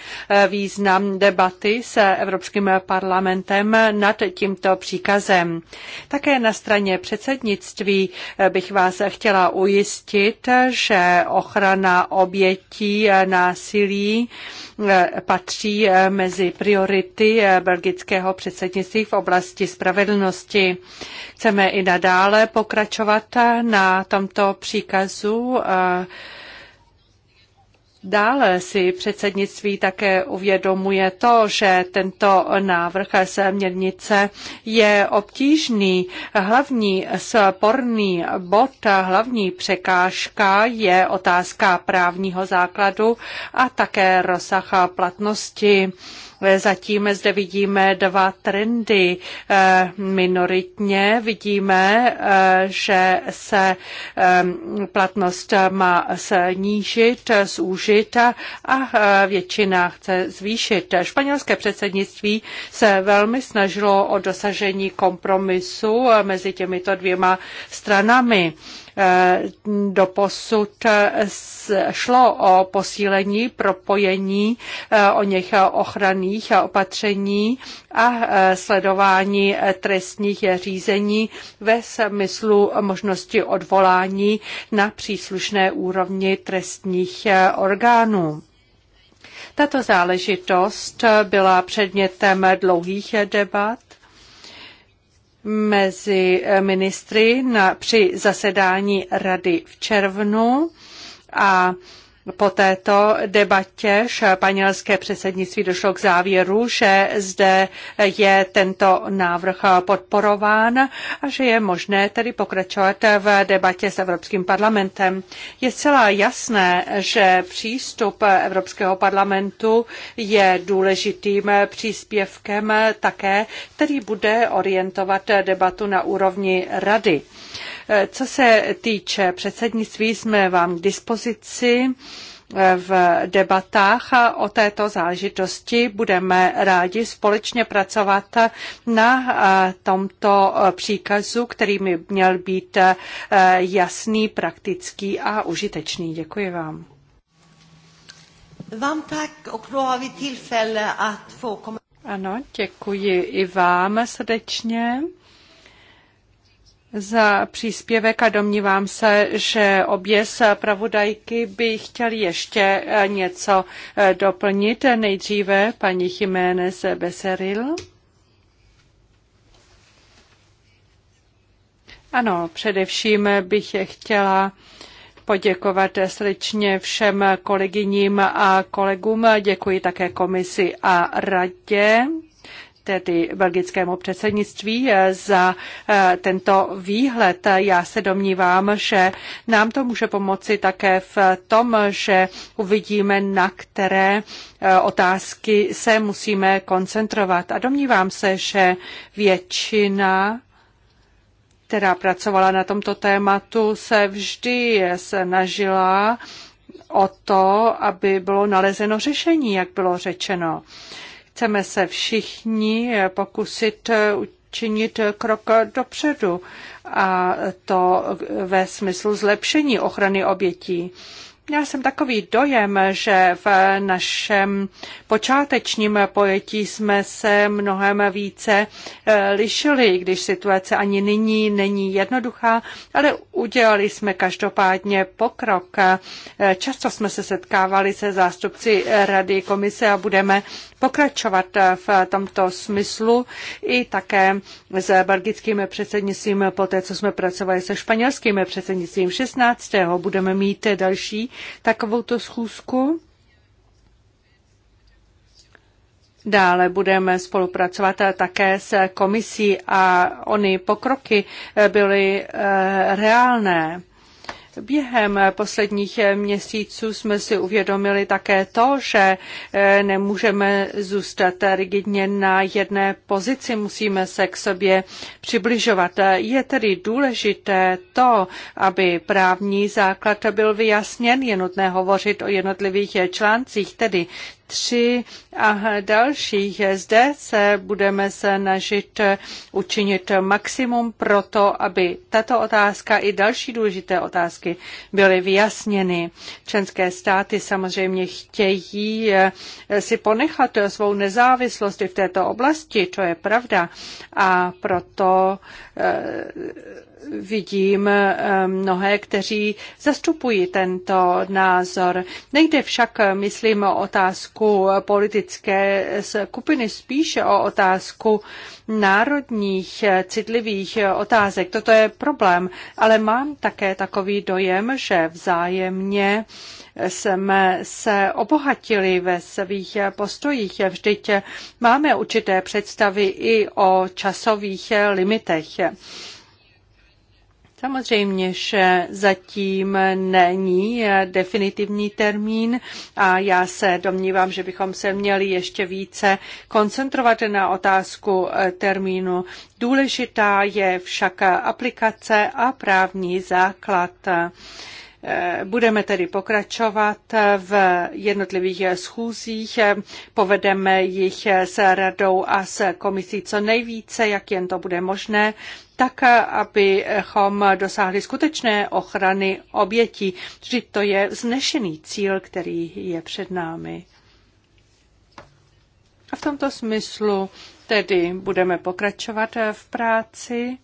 význam debaty se Evropským parlamentem nad tímto příkazem procesem. Také na straně předsednictví eh, bych vás chtěla ujistit, že ochrana obětí eh, násilí eh, patří mezi priority belgického předsednictví v oblasti spravedlnosti. Chceme i nadále pokračovat na tomto příkazu Dále si předsednictví také uvědomuje to, že tento návrh směrnice je obtížný. Hlavní sporný bod, hlavní překážka je otázka právního základu a také rozsah platnosti. Eh, zatím zde vidíme dva trendy. Eh, minoritně vidíme, eh, že se platnost má snížit, zúžit a většina chce zvýšit. Španělské předsednictví se velmi snažilo o dosažení kompromisu mezi těmito dvěma stranami. Doposud šlo o posílení propojení eh, o něch ochranných opatření a eh, sledování trestních řízení ve smyslu možnosti odvolání na příslušné úrovni trestních eh, orgánů. Tato záležitost byla předmětem dlouhých debat mezi ministry na, při zasedání rady v červnu a po této debatě španělské předsednictví došlo k závěru, že zde je tento návrh podporován a že je možné tedy pokračovat v debatě s Evropským parlamentem. Je celá jasné, že přístup Evropského parlamentu je důležitým příspěvkem také, který bude orientovat debatu na úrovni rady. Co se týče předsednictví, jsme vám k dispozici eh, v debatách o této záležitosti. Budeme rádi společně pracovat na eh, tomto eh, příkazu, který by měl být jasný, praktický a užitečný. Děkuji vám. Vám tak, ano, děkuji i vám srdečně za příspěvek a domnívám se, že obě zpravodajky by chtěli ještě eh, něco eh, doplnit. Nejdříve paní Jiménez Beseril. Ano, především bych chtěla poděkovat srdečně všem kolegyním a kolegům. Děkuji také komisi a radě tedy belgickému předsednictví eh, za eh, tento výhled. Já se domnívám, že nám to může pomoci také v tom, že uvidíme, na které eh, otázky se musíme koncentrovat. A domnívám se, že většina která pracovala na tomto tématu, se vždy snažila o to, aby bylo nalezeno řešení, jak bylo řečeno. Chceme se všichni pokusit činit krok dopředu a to ve smyslu zlepšení ochrany obětí. Měl jsem takový dojem, že v našem počátečním pojetí jsme se mnohem více eh, lišili, když situace ani nyní není jednoduchá, ale udělali jsme každopádně pokrok. Eh, často jsme se setkávali se zástupci Rady komise a budeme pokračovat eh, v tomto smyslu i také s belgickým předsednictvím, poté co jsme pracovali se španělským předsednictvím 16. budeme mít další takovouto schůzku. Dále budeme spolupracovat také s komisí a ony pokroky byly eh, reálné. Během posledních měsíců jsme si uvědomili také to, že eh, nemůžeme zůstat rigidně na jedné pozici, musíme se k sobě přibližovat. Je tedy důležité to, aby právní základ byl vyjasněn, je nutné hovořit o jednotlivých článcích, tedy 3 a dalších. Zde se budeme snažit učinit maximum pro to, aby tato otázka i další důležité otázky byly vyjasněny. Členské státy samozřejmě chtějí eh, si ponechat svou nezávislost i v této oblasti, to je pravda. A proto eh, vidím eh, mnohé, kteří zastupují tento názor. Nejde však, eh, myslím, o otázku politické skupiny, spíše o otázku národních eh, citlivých otázek. Toto je problém, ale mám také takový dojem, že vzájemně jsme se obohatili ve svých postojích. Vždyť máme určité představy i o časových limitech. Samozřejmě, že zatím není definitivní termín a já se domnívám, že bychom se měli ještě více koncentrovat na otázku eh, termínu. Důležitá je však aplikace a právní základ. Eh, budeme tedy pokračovat v jednotlivých schůzích, eh, povedeme jich s radou a s komisí co nejvíce, jak jen to bude možné, tak, eh, abychom dosáhli skutečné ochrany obětí. Vždyť to je vznešený cíl, který je před námi. A v tomto smyslu tedy budeme pokračovat v práci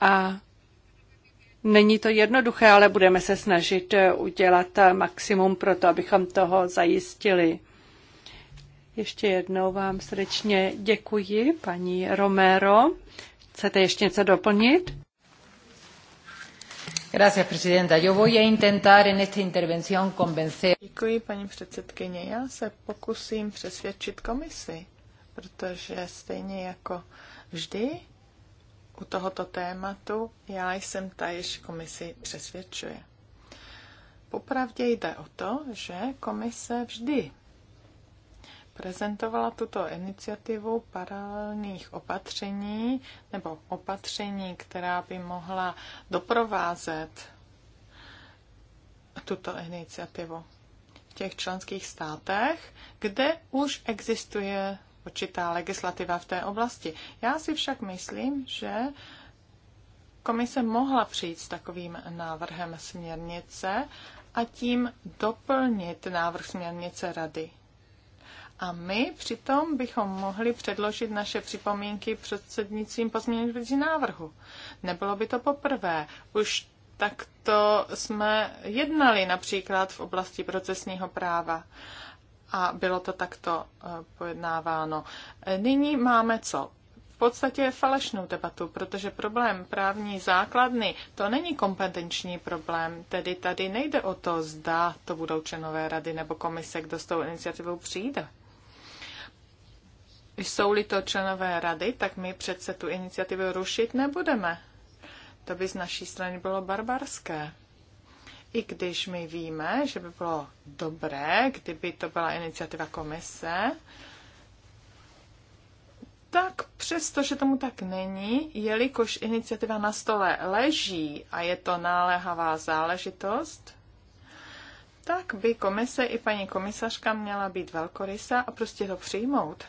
a Není to jednoduché, ale budeme se snažit eh, udělat eh, maximum pro to, abychom toho zajistili. Ještě jednou vám srdečně děkuji, paní Romero. Chcete ještě něco doplnit? Gracias, presidenta. Yo voy a intentar en esta intervención convencer. Děkuji, paní předsedkyně. Já se pokusím přesvědčit komisi, protože stejně jako vždy u tohoto tématu, já jsem ta, jež komisi přesvědčuje. Popravdě jde o to, že komise vždy prezentovala tuto iniciativu paralelních opatření nebo opatření, která by mohla doprovázet tuto iniciativu v těch členských státech, kde už existuje určitá legislativa v té oblasti. Já si však myslím, že komise mohla přijít s takovým návrhem směrnice a tím doplnit návrh směrnice rady. A my přitom bychom mohli předložit naše připomínky předsednicím pozměňující návrhu. Nebylo by to poprvé. Už takto jsme jednali například v oblasti procesního práva a bylo to takto eh, pojednáváno. Eh, nyní máme co? V podstatě je falešnou debatu, protože problém právní základny to není kompetenční problém, tedy tady nejde o to, zda to budou členové rady nebo komise, kdo s tou iniciativou přijde. Jsou-li to členové rady, tak my přece tu iniciativu rušit nebudeme. To by z naší strany bylo barbarské i když my víme, že by bylo dobré, kdyby to byla iniciativa komise, tak přesto, že tomu tak není, jelikož iniciativa na stole leží a je to náléhavá záležitost, tak by komise i paní komisařka měla být velkorysa a prostě to přijmout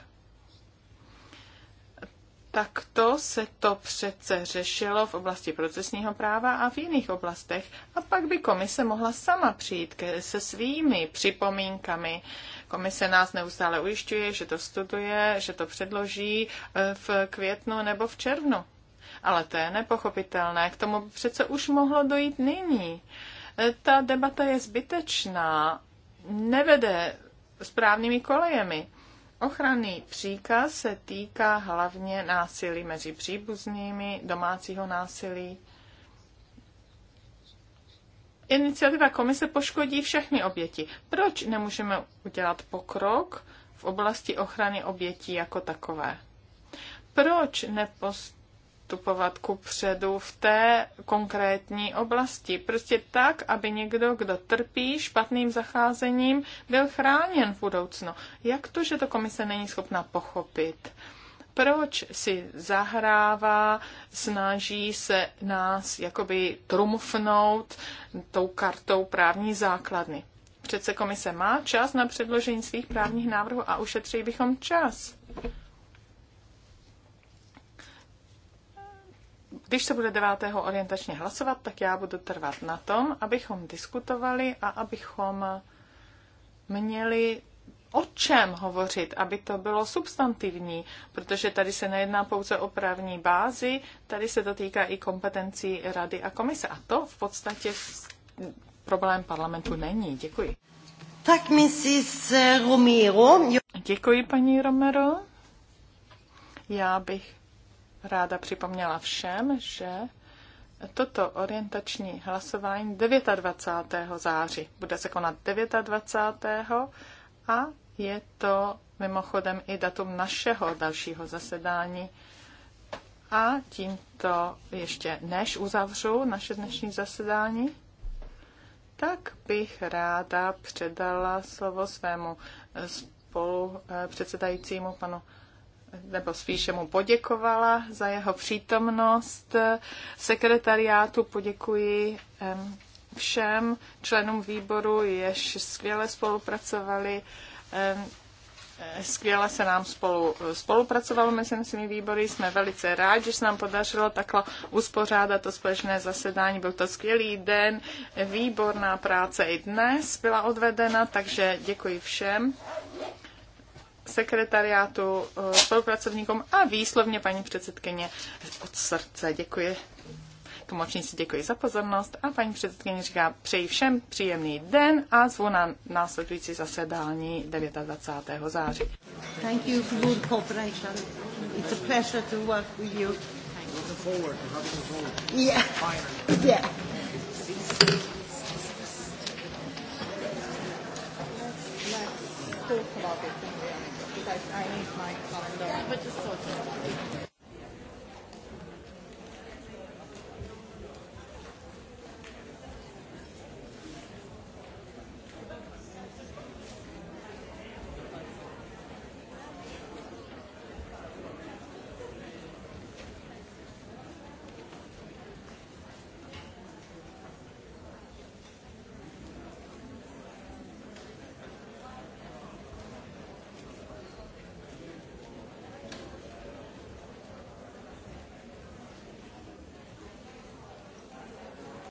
takto se to přece řešilo v oblasti procesního práva a v jiných oblastech. A pak by komise mohla sama přijít ke, se svými připomínkami. Komise nás neustále ujišťuje, že to studuje, že to předloží eh, v květnu nebo v červnu. Ale to je nepochopitelné. K tomu přece už mohlo dojít nyní. Eh, ta debata je zbytečná, nevede správnými kolejemi Ochranný příkaz se týká hlavně násilí mezi příbuznými, domácího násilí. Iniciativa komise poškodí všechny oběti. Proč nemůžeme udělat pokrok v oblasti ochrany obětí jako takové? Proč nepost postupovat ku předu v té konkrétní oblasti. Prostě tak, aby někdo, kdo trpí špatným zacházením, byl chráněn v budoucnu. Jak to, že to komise není schopna pochopit? Proč si zahrává, snaží se nás jakoby trumfnout tou kartou právní základny? Přece komise má čas na předložení svých právních návrhů a ušetří bychom čas. Když se bude 9. orientačně hlasovat, tak já budu trvat na tom, abychom diskutovali a abychom měli o čem hovořit, aby to bylo substantivní, protože tady se nejedná pouze o právní bázi, tady se to týká i kompetencí rady a komise. A to v podstatě problém parlamentu není. Děkuji. Tak, Mrs. Eh, Romero. Děkuji, paní Romero. Já bych ráda připomněla všem, že toto orientační hlasování 29. září bude se konat 29. a je to mimochodem i datum našeho dalšího zasedání. A tímto ještě než uzavřu naše dnešní zasedání, tak bych ráda předala slovo svému spolu eh, předsedajícímu panu nebo spíše mu poděkovala za jeho přítomnost. Sekretariátu poděkuji všem členům výboru, jež skvěle spolupracovali. Skvěle se nám spolu spolupracovalo mezi svými výbory. Jsme velice rádi, že se nám podařilo takhle uspořádat to společné zasedání. Byl to skvělý den, výborná práce i dnes byla odvedena, takže děkuji všem sekretariátu, eh, spolupracovníkům a výslovně paní předsedkyně od srdce děkuji. Tlumočníci děkuji za pozornost a paní předsedkyně říká přeji všem příjemný den a zvu na následující zasedání 29. září. Thank you for good cooperation. It's a pleasure to work with you. Looking forward to having you forward. Yeah. Finally. Yeah. Let's talk about it. I need my calendar. Yeah, but just so